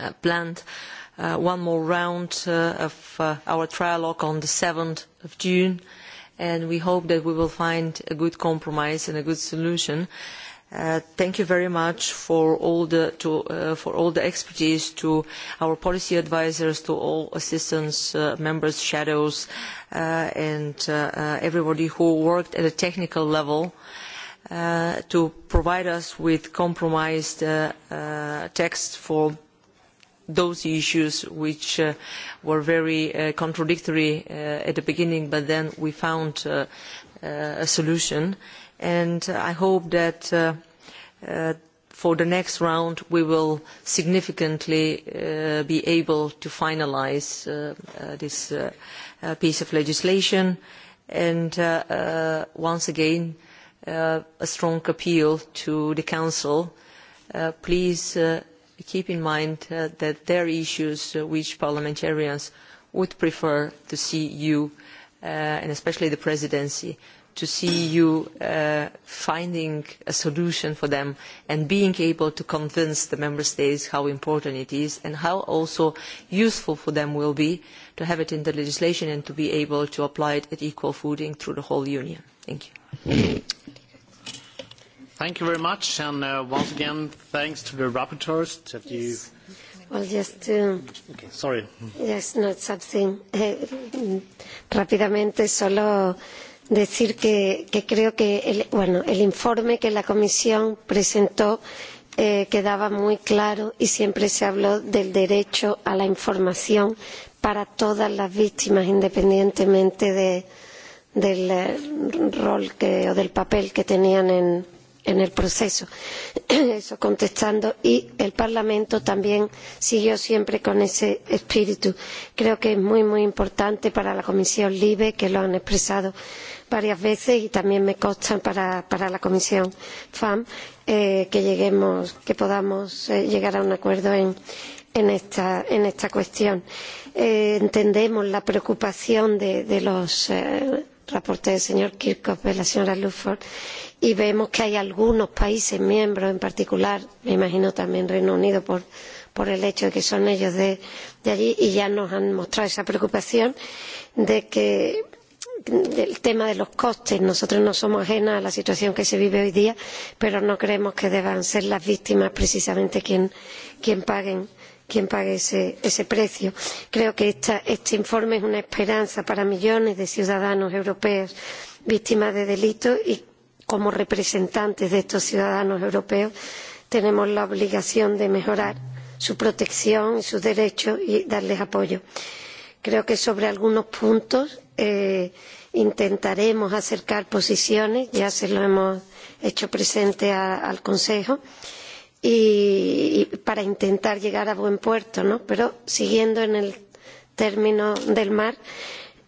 uh, planned uh, uh, one more round uh, of uh, our trialogue on the 7th of June, and we hope that we will find a good compromise and a good solution. Uh, thank you very much for all the to, uh, for all the expertise to our policy advisors, to all assistants, uh, members, shadows, uh, and uh, uh, everybody who worked at a technical level uh, to provide us with compromised uh, uh, text for those issues which uh, were very uh, contradictory uh, at the beginning, but then we found uh, uh, a solution. And I hope that uh, uh, for the next round we will significantly uh, be able to finalize uh, uh, this uh, uh, piece of legislation. And uh, uh, once again, uh, a strong appeal to the Council. Uh, please uh, keep in mind uh, that there are issues uh, which parliamentarians would prefer to see you, uh, and especially the presidency, to see you uh, finding a solution for them and being able to convince the member states how important it is and how also useful for them will be to have it in the legislation and to be able to apply it at equal footing through the whole union. Thank you. Thank you very much, and uh, once again, thanks to the rapporteurs that yes. you. Well, just. Uh, okay, sorry. Just not something. Eh, rápidamente, solo decir que, que creo que el, bueno, el informe que la Comisión presentó eh, quedaba muy claro y siempre se habló del derecho a la información para todas las víctimas, independientemente de, del eh, rol que, o del papel que tenían en en el proceso. Eso contestando. Y el Parlamento también siguió siempre con ese espíritu. Creo que es muy, muy importante para la Comisión LIBE, que lo han expresado varias veces, y también me consta para, para la Comisión FAM, eh, que, lleguemos, que podamos eh, llegar a un acuerdo en, en, esta, en esta cuestión. Eh, entendemos la preocupación de, de los eh, reportes del señor Kirchhoff, de la señora Lutford, y vemos que hay algunos países miembros, en particular, me imagino también Reino Unido, por, por el hecho de que son ellos de, de allí, y ya nos han mostrado esa preocupación de que el tema de los costes. Nosotros no somos ajenas a la situación que se vive hoy día, pero no creemos que deban ser las víctimas precisamente quien, quien paguen quien pague ese, ese precio. Creo que esta, este informe es una esperanza para millones de ciudadanos europeos víctimas de delitos y como representantes de estos ciudadanos europeos tenemos la obligación de mejorar su protección y sus derechos y darles apoyo. Creo que sobre algunos puntos eh, intentaremos acercar posiciones, ya se lo hemos hecho presente a, al Consejo, y, y para intentar llegar a buen puerto, ¿no? Pero siguiendo en el término del mar,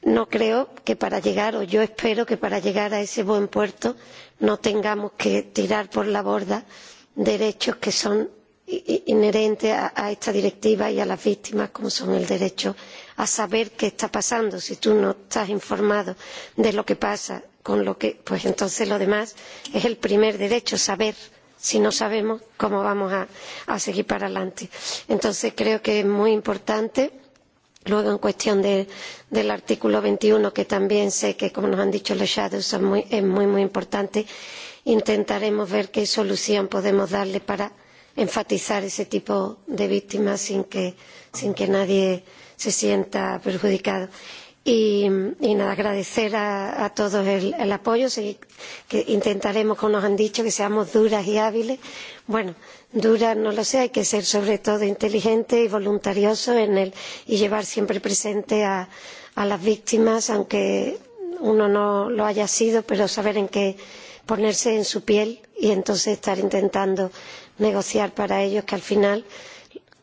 no creo que para llegar, o yo espero que para llegar a ese buen puerto no tengamos que tirar por la borda derechos que son inherentes a, a esta directiva y a las víctimas, como son el derecho a saber qué está pasando. Si tú no estás informado de lo que pasa, con lo que, pues entonces lo demás es el primer derecho, saber. Si no sabemos cómo vamos a, a seguir para adelante. Entonces creo que es muy importante Luego, en cuestión de, del artículo 21, que también sé que, como nos han dicho los shadows, es muy, es muy, muy importante, intentaremos ver qué solución podemos darle para enfatizar ese tipo de víctimas sin que, sin que nadie se sienta perjudicado. Y, y nada, agradecer a, a todos el, el apoyo. Sí, que intentaremos, como nos han dicho, que seamos duras y hábiles. Bueno, duras no lo sé, hay que ser sobre todo inteligente y voluntarioso en el, y llevar siempre presente a, a las víctimas, aunque uno no lo haya sido, pero saber en qué ponerse en su piel y entonces estar intentando negociar para ellos que al final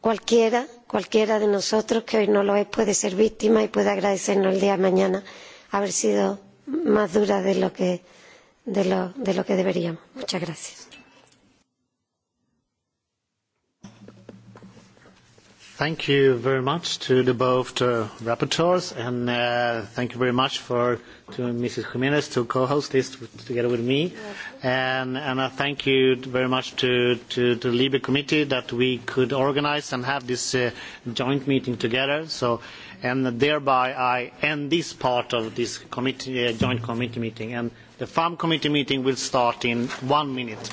cualquiera cualquiera de nosotros que hoy no lo es puede ser víctima y puede agradecernos el día de mañana haber sido más duras de lo que, de lo, de lo que deberíamos. Muchas gracias. Thank you very much to the both uh, rapporteurs, and uh, thank you very much for to Mrs. Jimenez to co-host this together with me. And, and I thank you very much to, to, to the Libre Committee that we could organize and have this uh, joint meeting together. So, and thereby I end this part of this committee, uh, joint committee meeting. And the Farm Committee meeting will start in one minute.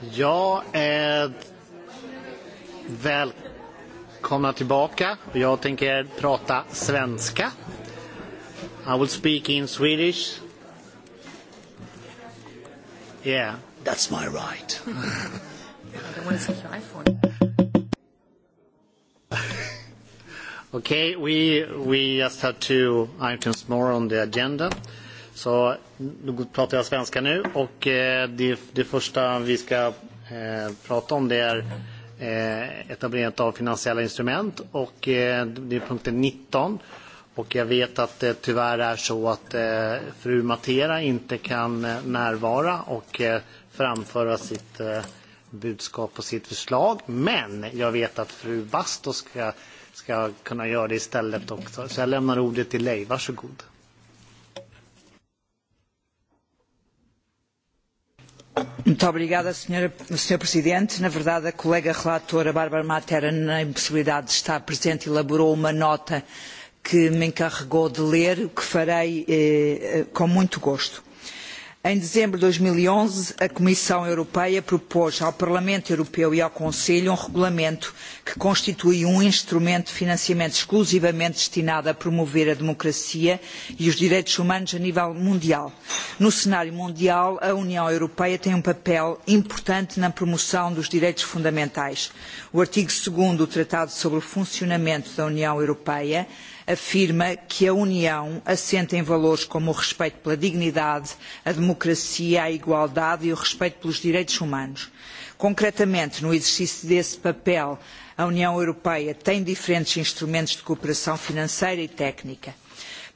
Jag är välkomna tillbaka. Jag tänker prata svenska. I will speak in Swedish. Yeah, that's my right. okay, we, we just have two items more on the agenda. Uh, Så då nu pratar jag svenska nu och eh, det, det första vi ska eh, prata om det är eh, etablerandet av finansiella instrument och eh, det är punkten 19. Och jag vet att det eh, tyvärr är så att eh, fru Matera inte kan eh, närvara och eh, framföra sitt eh, budskap och sitt förslag. Men jag vet att fru Bastos ska, ska kunna göra det istället också. Så jag lämnar ordet till dig. Varsågod. Mm. Muito obrigada, senhora, Sr. Presidente. Na verdade, a colega relatora Bárbara Matera, na impossibilidade de estar presente, elaborou uma nota que me encarregou de ler, o que farei eh, com muito gosto. Em dezembro de 2011, e a Comissão Europeia propôs ao Parlamento Europeu e ao Conselho um regulamento que constitui um instrumento de financiamento exclusivamente destinado a promover a democracia e os direitos humanos a nível mundial. No cenário mundial, a União Europeia tem um papel importante na promoção dos direitos fundamentais. O artigo 2 do Tratado sobre o Funcionamento da União Europeia afirma que a União assenta em valores como o respeito pela dignidade, a democracia, a igualdade e o respeito pelos direitos humanos. Concretamente, no exercício desse papel, a União Europeia tem diferentes instrumentos de cooperação financeira e técnica.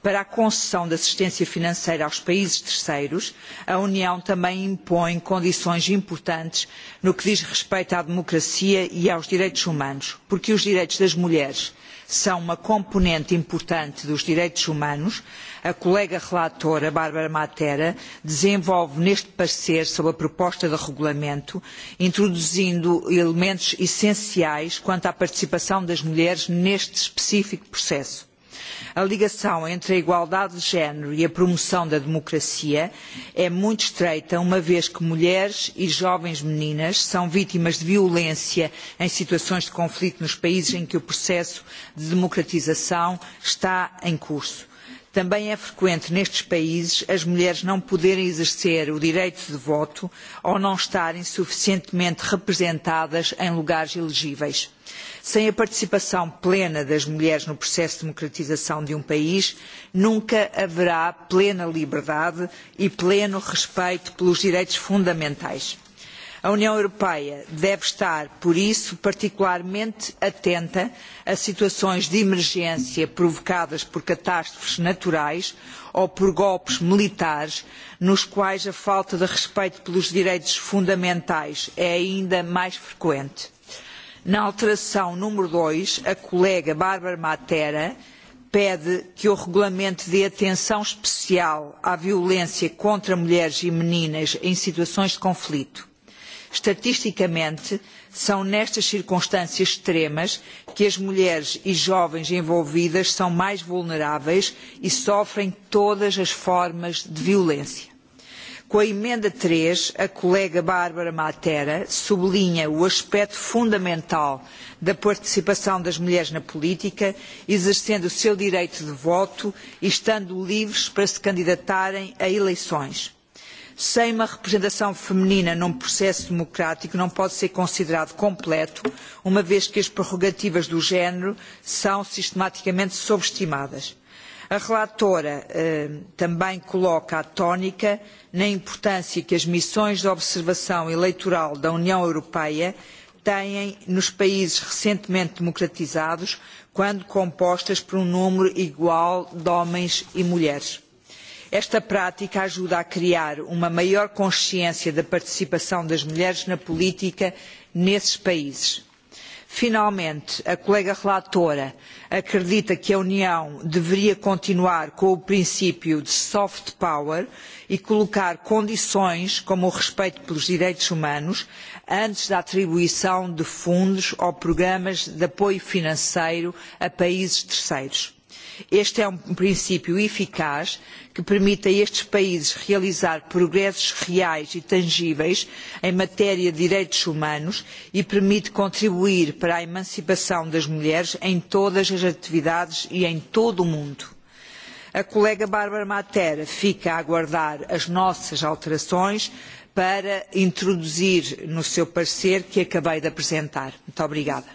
Para a concessão de assistência financeira aos países terceiros, a União também impõe condições importantes no que diz respeito à democracia e aos direitos humanos, porque os direitos das mulheres são uma componente importante dos direitos humanos, a colega relatora, Bárbara Matera, desenvolve neste parecer sobre a proposta de regulamento, introduzindo elementos essenciais quanto à participação das mulheres neste específico processo A ligação entre a igualdade de género e a promoção da democracia é muito estreita, uma vez que mulheres e jovens meninas são vítimas de violência em situações de conflito nos países em que o processo de democratização está em curso Também é frequente nestes países as mulheres não poderem exercer o direito de voto ou não estarem suficientemente representadas em lugares elegíveis. Sem a participação plena das mulheres no processo de democratização de um país, nunca haverá plena liberdade e pleno respeito pelos direitos fundamentais A União Europeia deve estar, por isso, particularmente atenta a situações de emergência provocadas por catástrofes naturais ou por golpes militares, nos quais a falta de respeito pelos direitos fundamentais é ainda mais frequente. Na alteração número 2, a colega Bárbara Matera pede que o regulamento dê atenção especial à violência contra mulheres e meninas em situações de conflito. Estatisticamente, são nestas circunstâncias extremas que as mulheres e jovens envolvidas são mais vulneráveis e sofrem todas as formas de violência. Com a emenda 3, a colega Bárbara Matera sublinha o aspecto fundamental da participação das mulheres na política, exercendo o seu direito de voto e estando livres para se candidatarem a eleições sem uma representação feminina num processo democrático não pode ser considerado completo, uma vez que as prerrogativas do género são sistematicamente subestimadas. A relatora eh, também coloca a tónica na importância que as missões de observação eleitoral da União Europeia têm nos países recentemente democratizados, quando compostas por um número igual de homens e mulheres. Esta prática ajuda a criar uma maior consciência da participação das mulheres na política nesses países. Finalmente, a colega relatora acredita que a União deveria continuar com o princípio de soft power e colocar condições, como o respeito pelos direitos humanos, antes da atribuição de fundos ou programas de apoio financeiro a países terceiros. Este é um princípio eficaz que permite a estes países realizar progressos reais e tangíveis em matéria de direitos humanos e permite contribuir para a emancipação das mulheres em todas as atividades e em todo o mundo. A colega Bárbara Matera fica a aguardar as nossas alterações para introduzir no seu parecer que acabei de apresentar. Muito obrigada.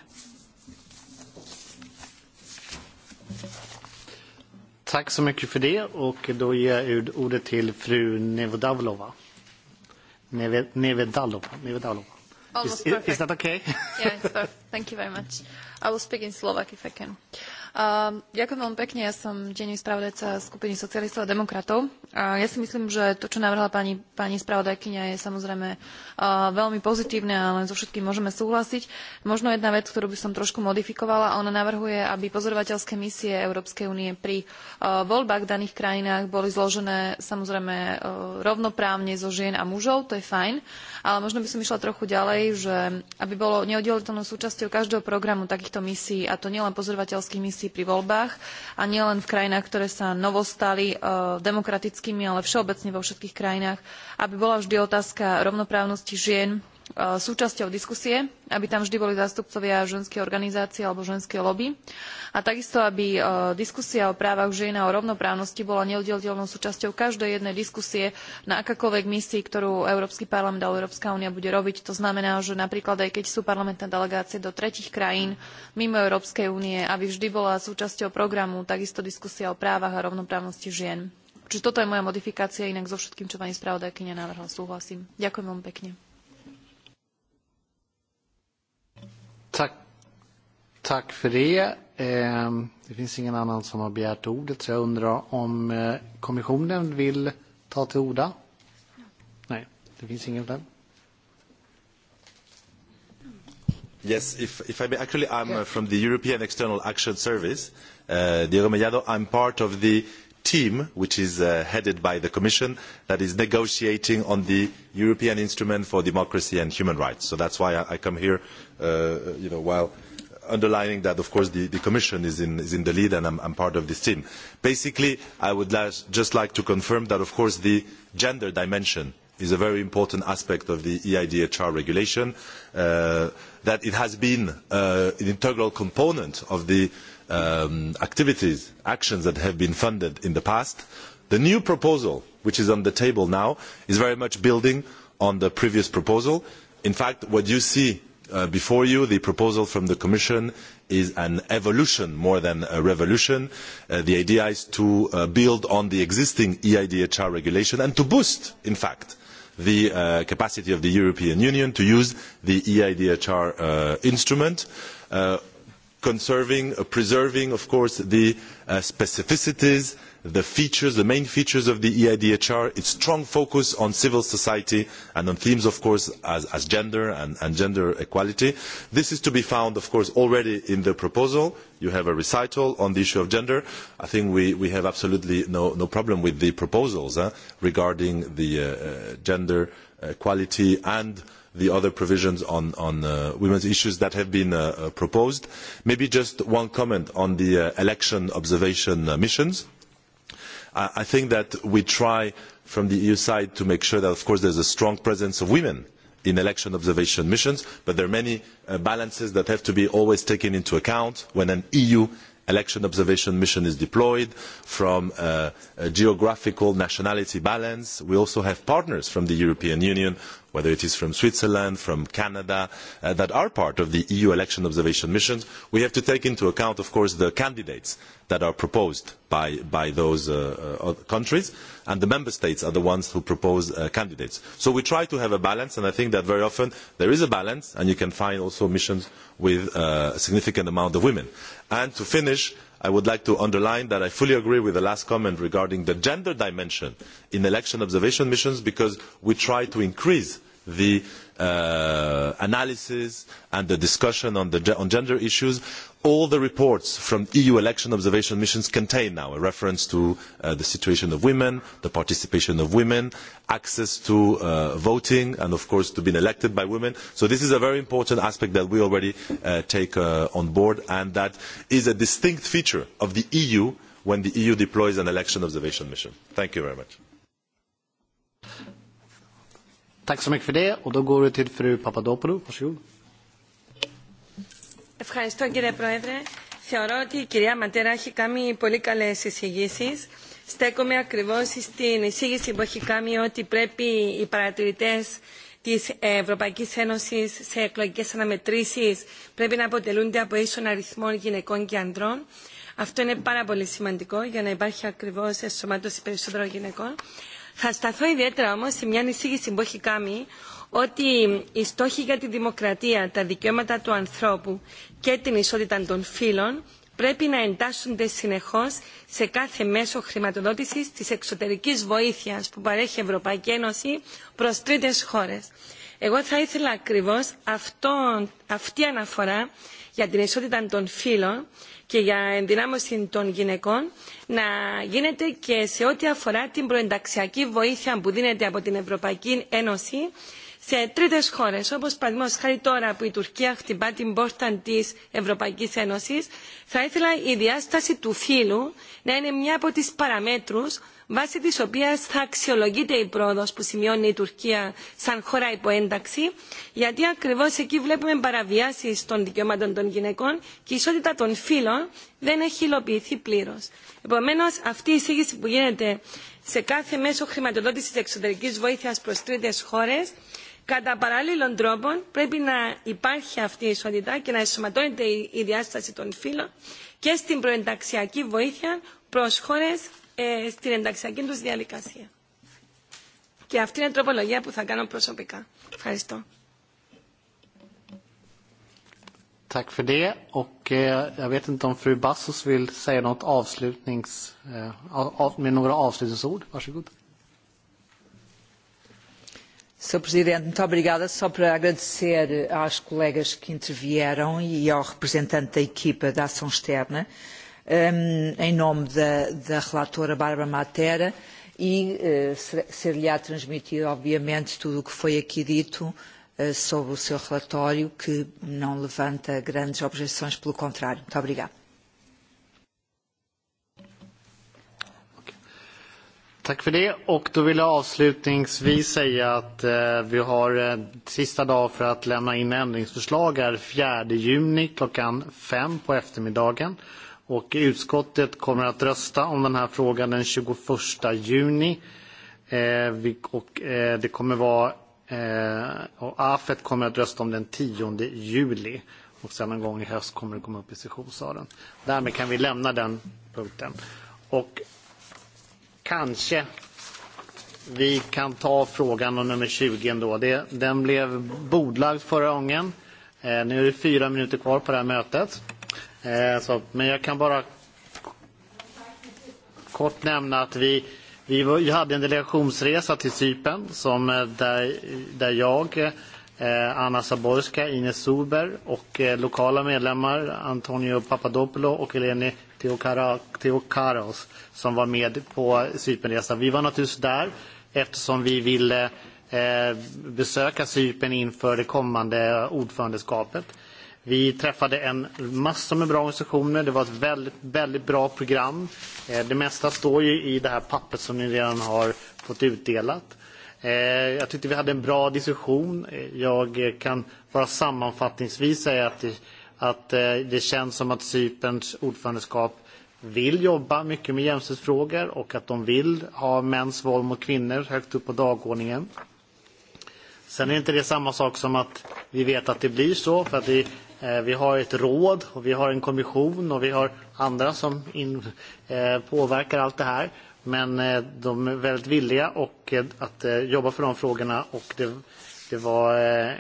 Tack så mycket för det och då ger jag ordet till fru Nevedalova. Nevedalova. Nevedalova. Almost is, perfect. Is that okay? yeah, it's perfect. Thank you very much. I will speak in Slovak if I can. Uh, Ďakujem veľmi pekne. Ja som denný spravodajca skupiny socialistov a demokratov. Ja si myslím, že to, čo navrhla pani, pani spravodajkynia, je samozrejme veľmi pozitívne a len so všetkým môžeme súhlasiť. Možno jedna vec, ktorú by som trošku modifikovala, ona navrhuje, aby pozorovateľské misie Európskej únie pri voľbách v daných krajinách boli zložené samozrejme rovnoprávne zo žien a mužov, to je fajn, ale možno by som išla trochu ďalej, že aby bolo neoddeliteľnou súčasťou každého programu takýchto misií, a to nielen pozorovateľských misií, informácií pri voľbách a nielen v krajinách, ktoré sa novo stali e, demokratickými, ale všeobecne vo všetkých krajinách, aby bola vždy otázka rovnoprávnosti žien E, súčasťou diskusie, aby tam vždy boli zástupcovia ženských organizácií alebo ženské lobby a takisto, aby e, diskusia o právach žien a o rovnoprávnosti bola neoddeliteľnou súčasťou každej jednej diskusie na akákoľvek misii, ktorú Európsky parlament alebo Európska únia bude robiť. To znamená, že napríklad aj keď sú parlamentné delegácie do tretich krajín mimo Európskej únie, aby vždy bola súčasťou programu takisto diskusia o právach a rovnoprávnosti žien. Čiže toto je moja modifikácia, inak so všetkým, čo pani spravodajkyňa navrhla, súhlasím. Ďakujem veľmi pekne. Tack, tack för det. Ehm, det finns ingen annan som har begärt ordet, så jag undrar om eh, kommissionen vill ta till orda? Nej, det finns ingen där. Yes, if, if I may, actually I'm yeah. Uh, from the European External Action Service, uh, Diego Mellado. I'm part of the team, which is uh, headed by the Commission, that is negotiating on the European Instrument for Democracy and Human Rights. So that's why I, I come here, uh, you know, while underlining that, of course, the, the Commission is in, is in the lead and I'm, I'm part of this team. Basically, I would las- just like to confirm that, of course, the gender dimension is a very important aspect of the EIDHR regulation, uh, that it has been uh, an integral component of the uh, um, activities, actions that have been funded in the past. The new proposal, which is on the table now, is very much building on the previous proposal. In fact, what you see Uh, before you the proposal from the commission is an evolution more than a revolution. Uh, the idea is to uh, build on the existing eidhr regulation and to boost in fact the uh, capacity of the european union to use the eidhr uh, instrument uh, conserving, uh, preserving, of course, the uh, specificities, the features, the main features of the EIDHR, its strong focus on civil society and on themes, of course, as, as gender and, and gender equality. This is to be found, of course, already in the proposal. You have a recital on the issue of gender. I think we, we have absolutely no, no problem with the proposals eh, regarding the uh, uh, gender equality and uh, the other provisions on, on uh, women's issues that have been uh, uh, proposed. Maybe just one comment on the uh, election observation uh, missions. I, I think that we try from the EU side to make sure that, of course, there's a strong presence of women in election observation missions, but there are many uh, balances that have to be always taken into account when an EU election observation mission is deployed, from uh, a geographical nationality balance. We also have partners from the European Union whether it is from Switzerland, from Canada, uh, that are part of the EU election observation missions, we have to take into account, of course, the candidates that are proposed by, by those uh, uh, countries, and the member states are the ones who propose uh, candidates. So we try to have a balance, and I think that very often there is a balance, and you can find also missions with uh, a significant amount of women. And to finish, uh, i would like to underline that i fully agree with the last comment regarding the gender dimension in election observation missions because we try to increase the uh, uh, analysis and the discussion on, the, on gender issues, all the reports from EU election observation missions contain now a reference to uh, the situation of women, the participation of women, access to uh, voting, and of course to being elected by women. So this is a very important aspect that we already uh, take uh, on board and that is a distinct feature of the EU when the EU deploys an election observation mission. Thank you very much. Tack så mycket för det och då går det till fru Papadopoulou. Varsågod. Ευχαριστώ κύριε Πρόεδρε. Θεωρώ ότι η κυρία Ματέρα έχει κάνει πολύ καλές εισηγήσεις. Στέκομαι ακριβώς στην εισήγηση που έχει κάνει ότι πρέπει οι παρατηρητές της Ευρωπαϊκής Ένωσης σε εκλογικές αναμετρήσεις πρέπει να αποτελούνται από ίσον αριθμό γυναικών και ανδρών. Αυτό είναι πάρα πολύ σημαντικό για να υπάρχει ακριβώς ενσωμάτωση περισσότερων γυναικών. Θα σταθώ ιδιαίτερα όμως σε μια ανησύγηση που έχει κάνει ότι οι στόχοι για τη δημοκρατία, τα δικαιώματα του ανθρώπου και την ισότητα των φύλων πρέπει να εντάσσονται συνεχώς σε κάθε μέσο χρηματοδότησης της εξωτερικής βοήθειας που παρέχει η Ευρωπαϊκή Ένωση προς τρίτες χώρες. Εγώ θα ήθελα ακριβώς αυτό, αυτή η αναφορά για την ισότητα των φύλων και για ενδυνάμωση των γυναικών να γίνεται και σε ό,τι αφορά την προενταξιακή βοήθεια που δίνεται από την Ευρωπαϊκή Ένωση σε τρίτε χώρε, όπω παραδείγματο χάρη τώρα που η Τουρκία χτυπά την πόρτα τη Ευρωπαϊκή Ένωση, θα ήθελα η διάσταση του φύλου να είναι μια από τι παραμέτρου βάσει της οποίας θα αξιολογείται η πρόοδος που σημειώνει η Τουρκία σαν χώρα υποένταξη, γιατί ακριβώς εκεί βλέπουμε παραβιάσεις των δικαιωμάτων των γυναικών και η ισότητα των φύλων δεν έχει υλοποιηθεί πλήρως. Επομένως, αυτή η εισήγηση που γίνεται σε κάθε μέσο χρηματοδότησης εξωτερικής βοήθειας προς τρίτες χώρες, κατά παράλληλων τρόπων πρέπει να υπάρχει αυτή η ισότητα και να ενσωματώνεται η διάσταση των φύλων και στην προενταξιακή βοήθεια προς χώρες ε, στην ενταξιακή τους διαδικασία. Και αυτή είναι η τροπολογία που θα κάνω προσωπικά. Ευχαριστώ. Tack för det. Och eh, jag vet inte om fru Bassos vill säga något avslutnings, eh, av, med några avslutningsord. Varsågod. Sr. Presidente, muito obrigada. Só para agradecer aos colegas que intervieram e ao representante da equipa da ação externa. Eh, um, em nome da, da relatora Bárbara Matera e uh, eh, ser-lhe-á transmitido, obviamente, tudo o que foi aqui dito uh, sobre o seu relatório, que não levanta grandes objeções, pelo contrário. Muito obrigada. Tack för det. Och då vill jag avslutningsvis säga att eh, vi har eh, sista dag för att lämna in ändringsförslag är 4 juni klockan 5 på eftermiddagen. Eh, och utskottet kommer att rösta om den här frågan den 21 juni. Eh, vi, och, eh, det kommer vara, eh, och AFET kommer att rösta om den 10 juli. Och sen en gång i höst kommer det komma upp i sessionssalen. Därmed kan vi lämna den punkten. Och kanske vi kan ta frågan om nummer 20 ändå. Det, den blev bordlagd förra gången. Eh, nu är det fyra minuter kvar på det här mötet. Eh, så, men jag kan bara kort nämna att vi, vi, var, vi hade en delegationsresa till Cypern som, eh, där, där jag, eh, Anna Zaborska, Ines Sober och lokala medlemmar Antonio Papadopoulou och Eleni Teokaros som var med på Cypernresan. Vi var naturligtvis där eftersom vi ville besöka Cypern inför det kommande ordförandeskapet. Vi träffade en massa med bra organisationer. Det var ett väldigt, väldigt bra program. Eh, det mesta står ju i det här pappret som ni redan har fått utdelat. Eh, jag tyckte vi hade en bra diskussion. Eh, jag kan bara sammanfattningsvis säga att det, att det känns som att Cyperns ordförandeskap vill jobba mycket med jämställdhetsfrågor och att de vill ha mäns våld mot kvinnor högt upp på dagordningen. Sen är inte det samma sak som att vi vet att det blir så. För att i Eh, vi har ett råd och vi har en kommission och vi har andra som in, eh, påverkar allt det här. Men eh, de är väldigt villiga och, eh, att eh, jobba för de frågorna. Och det, det var, eh,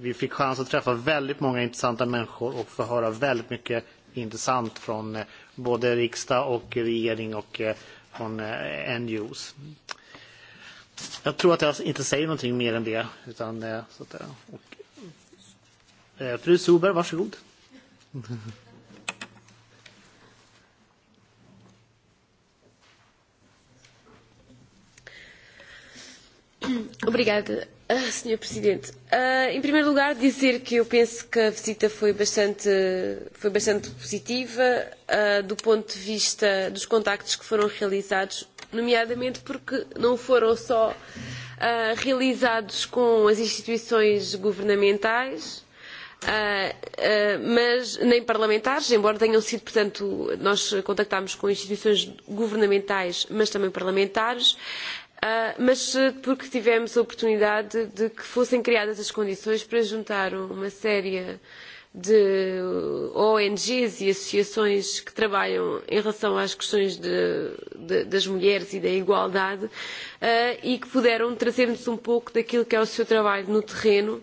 vi fick chans att träffa väldigt många intressanta människor och få höra väldigt mycket intressant från eh, både riksdag och regering och eh, från eh, NGOs. Jag tror att jag inte säger någonting mer än det. Utan, eh, så att, eh, och Eh, fru Sober, varsågod. Obrigada, eh, Sr. Presidente. Uh, em primeiro lugar, dizer que eu penso que a visita foi bastante, foi bastante positiva uh, do ponto de vista dos contactos que foram realizados, nomeadamente porque não foram só uh, realizados com as instituições governamentais, Uh, uh, mas nem parlamentares, embora tenham sido, portanto, nós contactámos com instituições governamentais, mas também parlamentares, uh, mas porque tivemos a oportunidade de que fossem criadas as condições para juntar uma série de ONGs e associações que trabalham em relação às questões de, de, das mulheres e da igualdade uh, e que puderam trazer-nos um pouco daquilo que é o seu trabalho no terreno uh,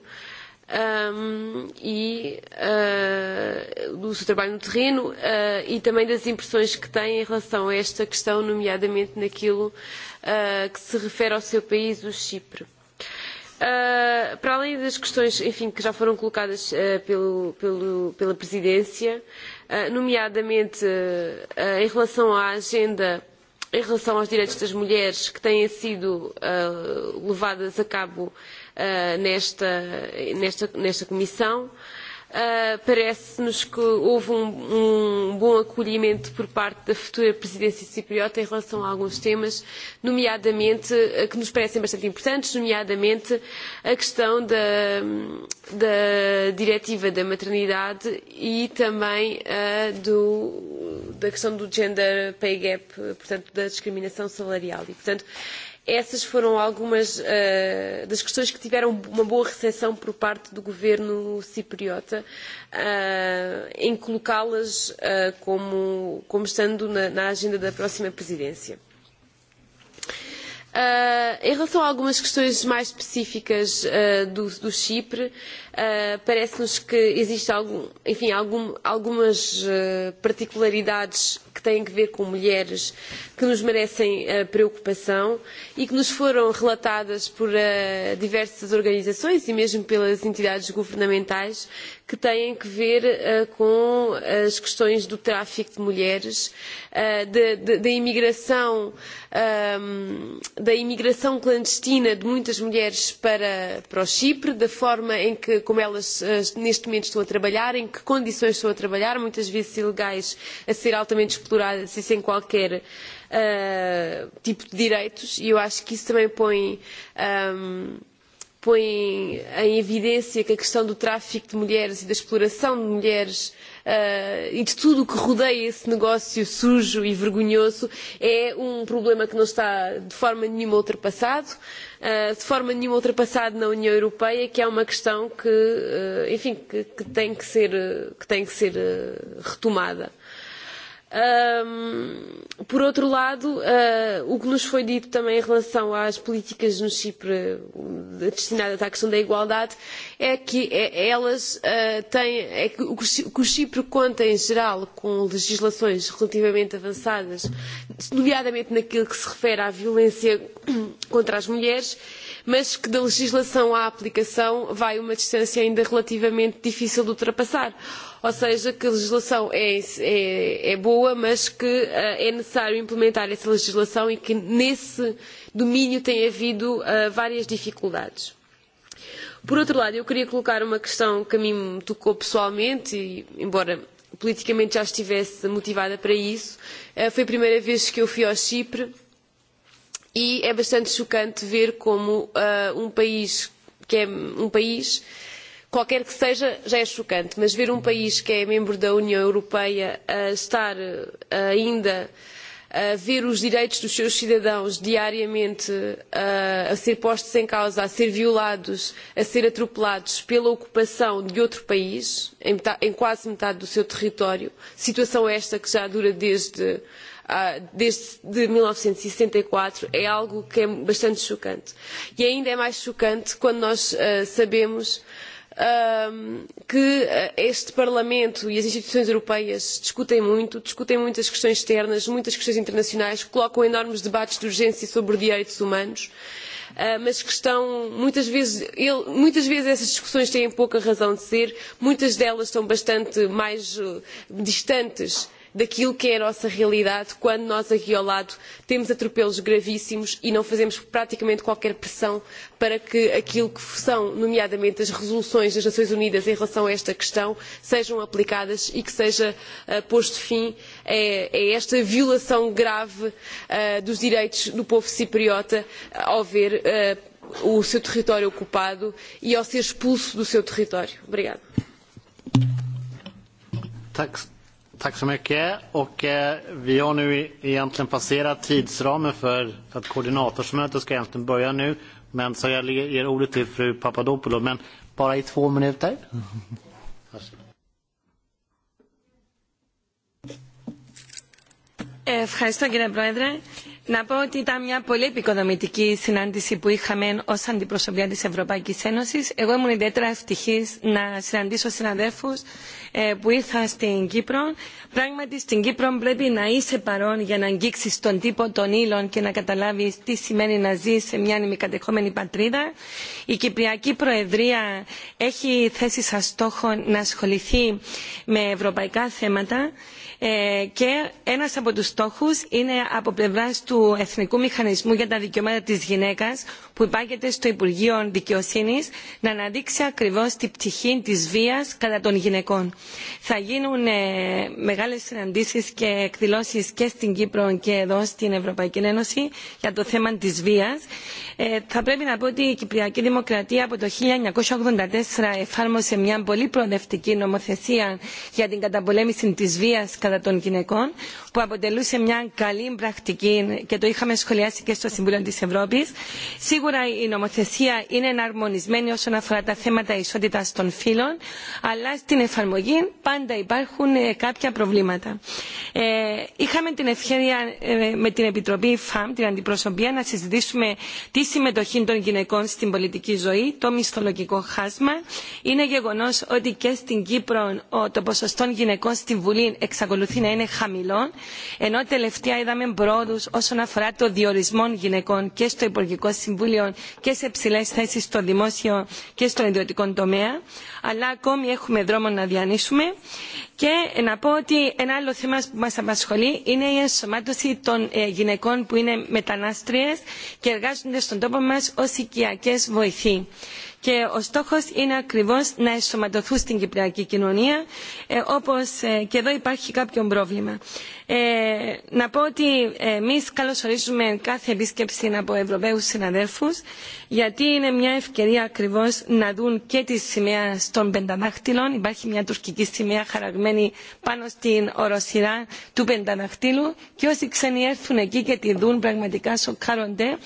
um, e uh, eh, do seu trabalho no terreno uh, eh, e também das impressões que tem em relação a esta questão, nomeadamente naquilo uh, que se refere ao seu país, o Chipre. Uh, para além das questões enfim, que já foram colocadas uh, pelo, pelo, pela Presidência, uh, nomeadamente uh, uh, em relação à agenda em relação aos direitos das mulheres que têm sido uh, levadas a cabo uh, uh, nesta, nesta, nesta comissão. Uh, Parece-nos que houve um, um bom acolhimento por parte da futura presidência cipriota em relação a alguns temas, nomeadamente, eh, que nos parecem bastante importantes, nomeadamente a questão da, da diretiva da maternidade e também uh, do, da questão do gender pay gap, portanto, da discriminação salarial. E, portanto, uh, Essas foram algumas uh, das questões que tiveram uma boa recepção por parte do governo cipriota, uh, em colocá-las uh, como, como estando na, na agenda da próxima presidência. Uh, em relação a algumas questões mais específicas uh, do, do Chipre, uh, Uh, Parece-nos que existem algum, enfim, algum, algumas uh, particularidades que têm que ver com mulheres que nos merecem uh, preocupação e que nos foram relatadas por uh, diversas organizações e mesmo pelas entidades governamentais que têm que ver uh, com as questões do tráfico de mulheres, uh, da imigração, um, da imigração clandestina de muitas mulheres para, para o Chipre, da forma em que como elas eh, neste momento estão a trabalhar, em que condições estão a trabalhar, muitas vezes ilegais, a ser altamente exploradas e sem qualquer uh, tipo de direitos, e eu acho que isso também põe. Um, põe em evidência que a questão do tráfico de mulheres e da exploração de mulheres uh, e de tudo o que rodeia esse negócio sujo e vergonhoso é um problema que não está de forma nenhuma ultrapassado. Uh, Eh, de forma nenhuma ultrapassado na União Europeia, que é uma questão que, eh, enfim, que, que, tem, que, ser, que tem que ser eh, retomada. Uh, Um, por outro lado, uh, o que nos foi dito também em relação às políticas no Chipre destinadas à questão da igualdade é que é, elas uh, têm, é que o, que o Chipre conta em geral com legislações relativamente avançadas, nomeadamente naquilo que se refere à violência contra as mulheres, uh, mas que da legislação à aplicação vai uma distância ainda relativamente difícil de ultrapassar. Ou seja, que a legislação é, é, é boa, mas que uh, é necessário implementar essa legislação e que nesse domínio tem havido uh, várias dificuldades. Por outro lado, eu queria colocar uma questão que a mim me tocou pessoalmente, e, embora politicamente já estivesse motivada para isso, uh, foi a primeira vez que eu fui ao Chipre e é bastante chocante ver como uh, um país que é um país qualquer que seja já é chocante mas ver um país que é membro da União Europeia uh, estar uh, ainda a ver os direitos dos seus cidadãos diariamente a, ah, a ser postos em causa, a ser violados, a ser atropelados pela ocupação de outro país, em, em quase metade do seu território, situação esta que já dura desde uh, uh, desde de 1964 e e é algo que é bastante chocante. E ainda é mais chocante quando nós uh, sabemos um, que este Parlamento e as instituições europeias discutem muito, discutem muitas questões externas, muitas questões internacionais, colocam enormes debates de urgência sobre direitos humanos, uh, mas que estão muitas vezes, ele, muitas vezes essas discussões têm pouca razão de ser, muitas delas são bastante mais uh, distantes daquilo que é a nossa realidade quando nós aqui ao lado temos atropelos gravíssimos e não fazemos praticamente qualquer pressão para que aquilo que são, nomeadamente, as resoluções das Nações Unidas em relação a esta questão sejam aplicadas e que seja uh, posto fim a, a esta violação grave uh, dos direitos do povo cipriota ao ver uh, o seu território ocupado e ao ser expulso do seu território. Obrigada. Tack, Tack så mycket. Och eh, vi har nu egentligen passerat tidsramen för, för att koordinatorsmötet ska egentligen börja nu. Men så jag ger ordet till fru Papadopoulou, men bara i två minuter. Ευχαριστώ κύριε Πρόεδρε. Να πω ότι ήταν μια πολύ επικοδομητική συνάντηση που είχαμε ως αντιπροσωπεία της Ευρωπαϊκής Ένωσης. Εγώ ήμουν ιδιαίτερα ευτυχής να συναντήσω συναδέλφους που ήρθα στην Κύπρο. Πράγματι στην Κύπρο πρέπει να είσαι παρόν για να αγγίξεις τον τύπο των ήλων και να καταλάβεις τι σημαίνει να ζεις σε μια ανημικατεχόμενη πατρίδα. Η Κυπριακή Προεδρία έχει θέσει σαν στόχο να ασχοληθεί με ευρωπαϊκά θέματα ε, και ένας από τους στόχους είναι από πλευράς του Εθνικού Μηχανισμού για τα Δικαιώματα της Γυναίκας που υπάγεται στο Υπουργείο Δικαιοσύνης να αναδείξει ακριβώς την πτυχή της βίας κατά των γυναικών. Θα γίνουν ε, μεγάλες συναντήσεις και εκδηλώσεις και στην Κύπρο και εδώ στην Ευρωπαϊκή Ένωση για το θέμα της βίας. Ε, θα πρέπει να πω ότι η Κυπριακή Δημοκρατία από το 1984 εφάρμοσε μια πολύ προοδευτική νομοθεσία για την καταπολέμηση της βίας κατά των γυναικών που αποτελούσε μια καλή πρακτική και το είχαμε σχολιάσει και στο Συμβούλιο της Ευρώπης. Σίγουρα η νομοθεσία είναι εναρμονισμένη όσον αφορά τα θέματα ισότητας των φύλων, αλλά στην εφαρμογή πάντα υπάρχουν κάποια προβλήματα. Ε, είχαμε την ευκαιρία με την Επιτροπή ΦΑΜ, την αντιπροσωπεία, να συζητήσουμε τη συμμετοχή των γυναικών στην πολιτική ζωή, το μισθολογικό χάσμα. Είναι γεγονός ότι και στην Κύπρο το ποσοστό γυναικών στη Βουλή εξακολουθεί να είναι χαμηλό ενώ τελευταία είδαμε πρόοδους όσον αφορά το διορισμό γυναικών και στο Υπουργικό Συμβούλιο και σε ψηλέ θέσει στο δημόσιο και στο ιδιωτικό τομέα, αλλά ακόμη έχουμε δρόμο να διανύσουμε. Και να πω ότι ένα άλλο θέμα που μας απασχολεί είναι η ενσωμάτωση των ε, γυναικών που είναι μετανάστριες και εργάζονται στον τόπο μας ως οικιακές βοηθοί και ο στόχος είναι ακριβώς να ενσωματωθούν στην κυπριακή κοινωνία ε, όπως ε, και εδώ υπάρχει κάποιο πρόβλημα. Ε, να πω ότι εμείς καλωσορίζουμε κάθε επίσκεψη από Ευρωπαίους συναδέλφους γιατί είναι μια ευκαιρία ακριβώς να δουν και τη σημαία των πενταδάχτυλων. Υπάρχει μια τουρκική σημαία χαραγμένη πάνω στην οροσυρά του πενταδάχτυλου και όσοι ξένοι έρθουν εκεί και τη δουν πραγματικά σοκάρονται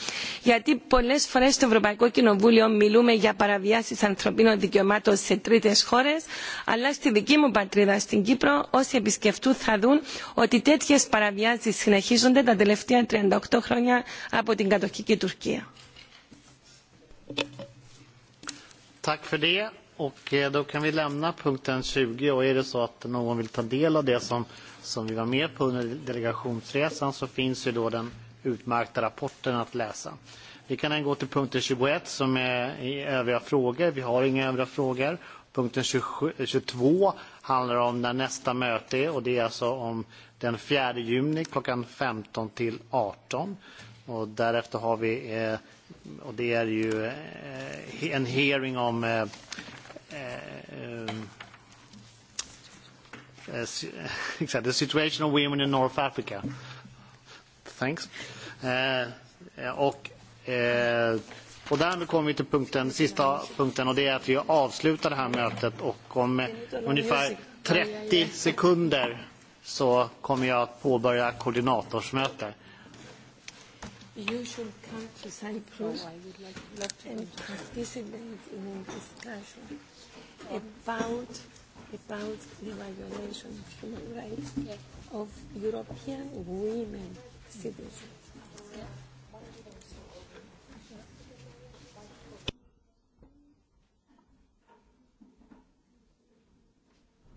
γιατί πολλές φορές στο Ευρωπαϊκό Κοινοβούλιο μιλούμε για παραβιάσεις ανθρωπίνων δικαιωμάτων σε τρίτες χώρες αλλά στη δική μου πατρίδα στην Κύπρο όσοι επισκεφτούν θα δουν ότι τέτοιες παραβιάσεις συνεχίζονται τα τελευταία 38 χρόνια από την κατοχική Τουρκία. Tack för det. Och eh, då kan vi lämna punkten 20. Och är det så att någon vill ta del av det som, som vi var med på under delegationsresan så finns ju då den utmärkta rapporten att läsa. Vi kan gå till punkten 21 som är i övriga frågor. Vi har inga övriga frågor. Punkten 22 handlar om när nästa möte är och det är alltså om den 4 juni klockan 15 till 18. Och därefter har vi, eh, och det är ju eh, en hearing om eh, eh, eh exakt, the situation of women in North Africa. Thanks. Eh, eh, och, eh, och därmed kommer vi till punkten, sista punkten och det är att vi avslutar det här mötet och om eh, ungefär 30 sekunder så kommer jag att påbörja koordinatorsmöte. You should come to Cyprus oh, and participate in a discussion about, about the violation of human rights of European women citizens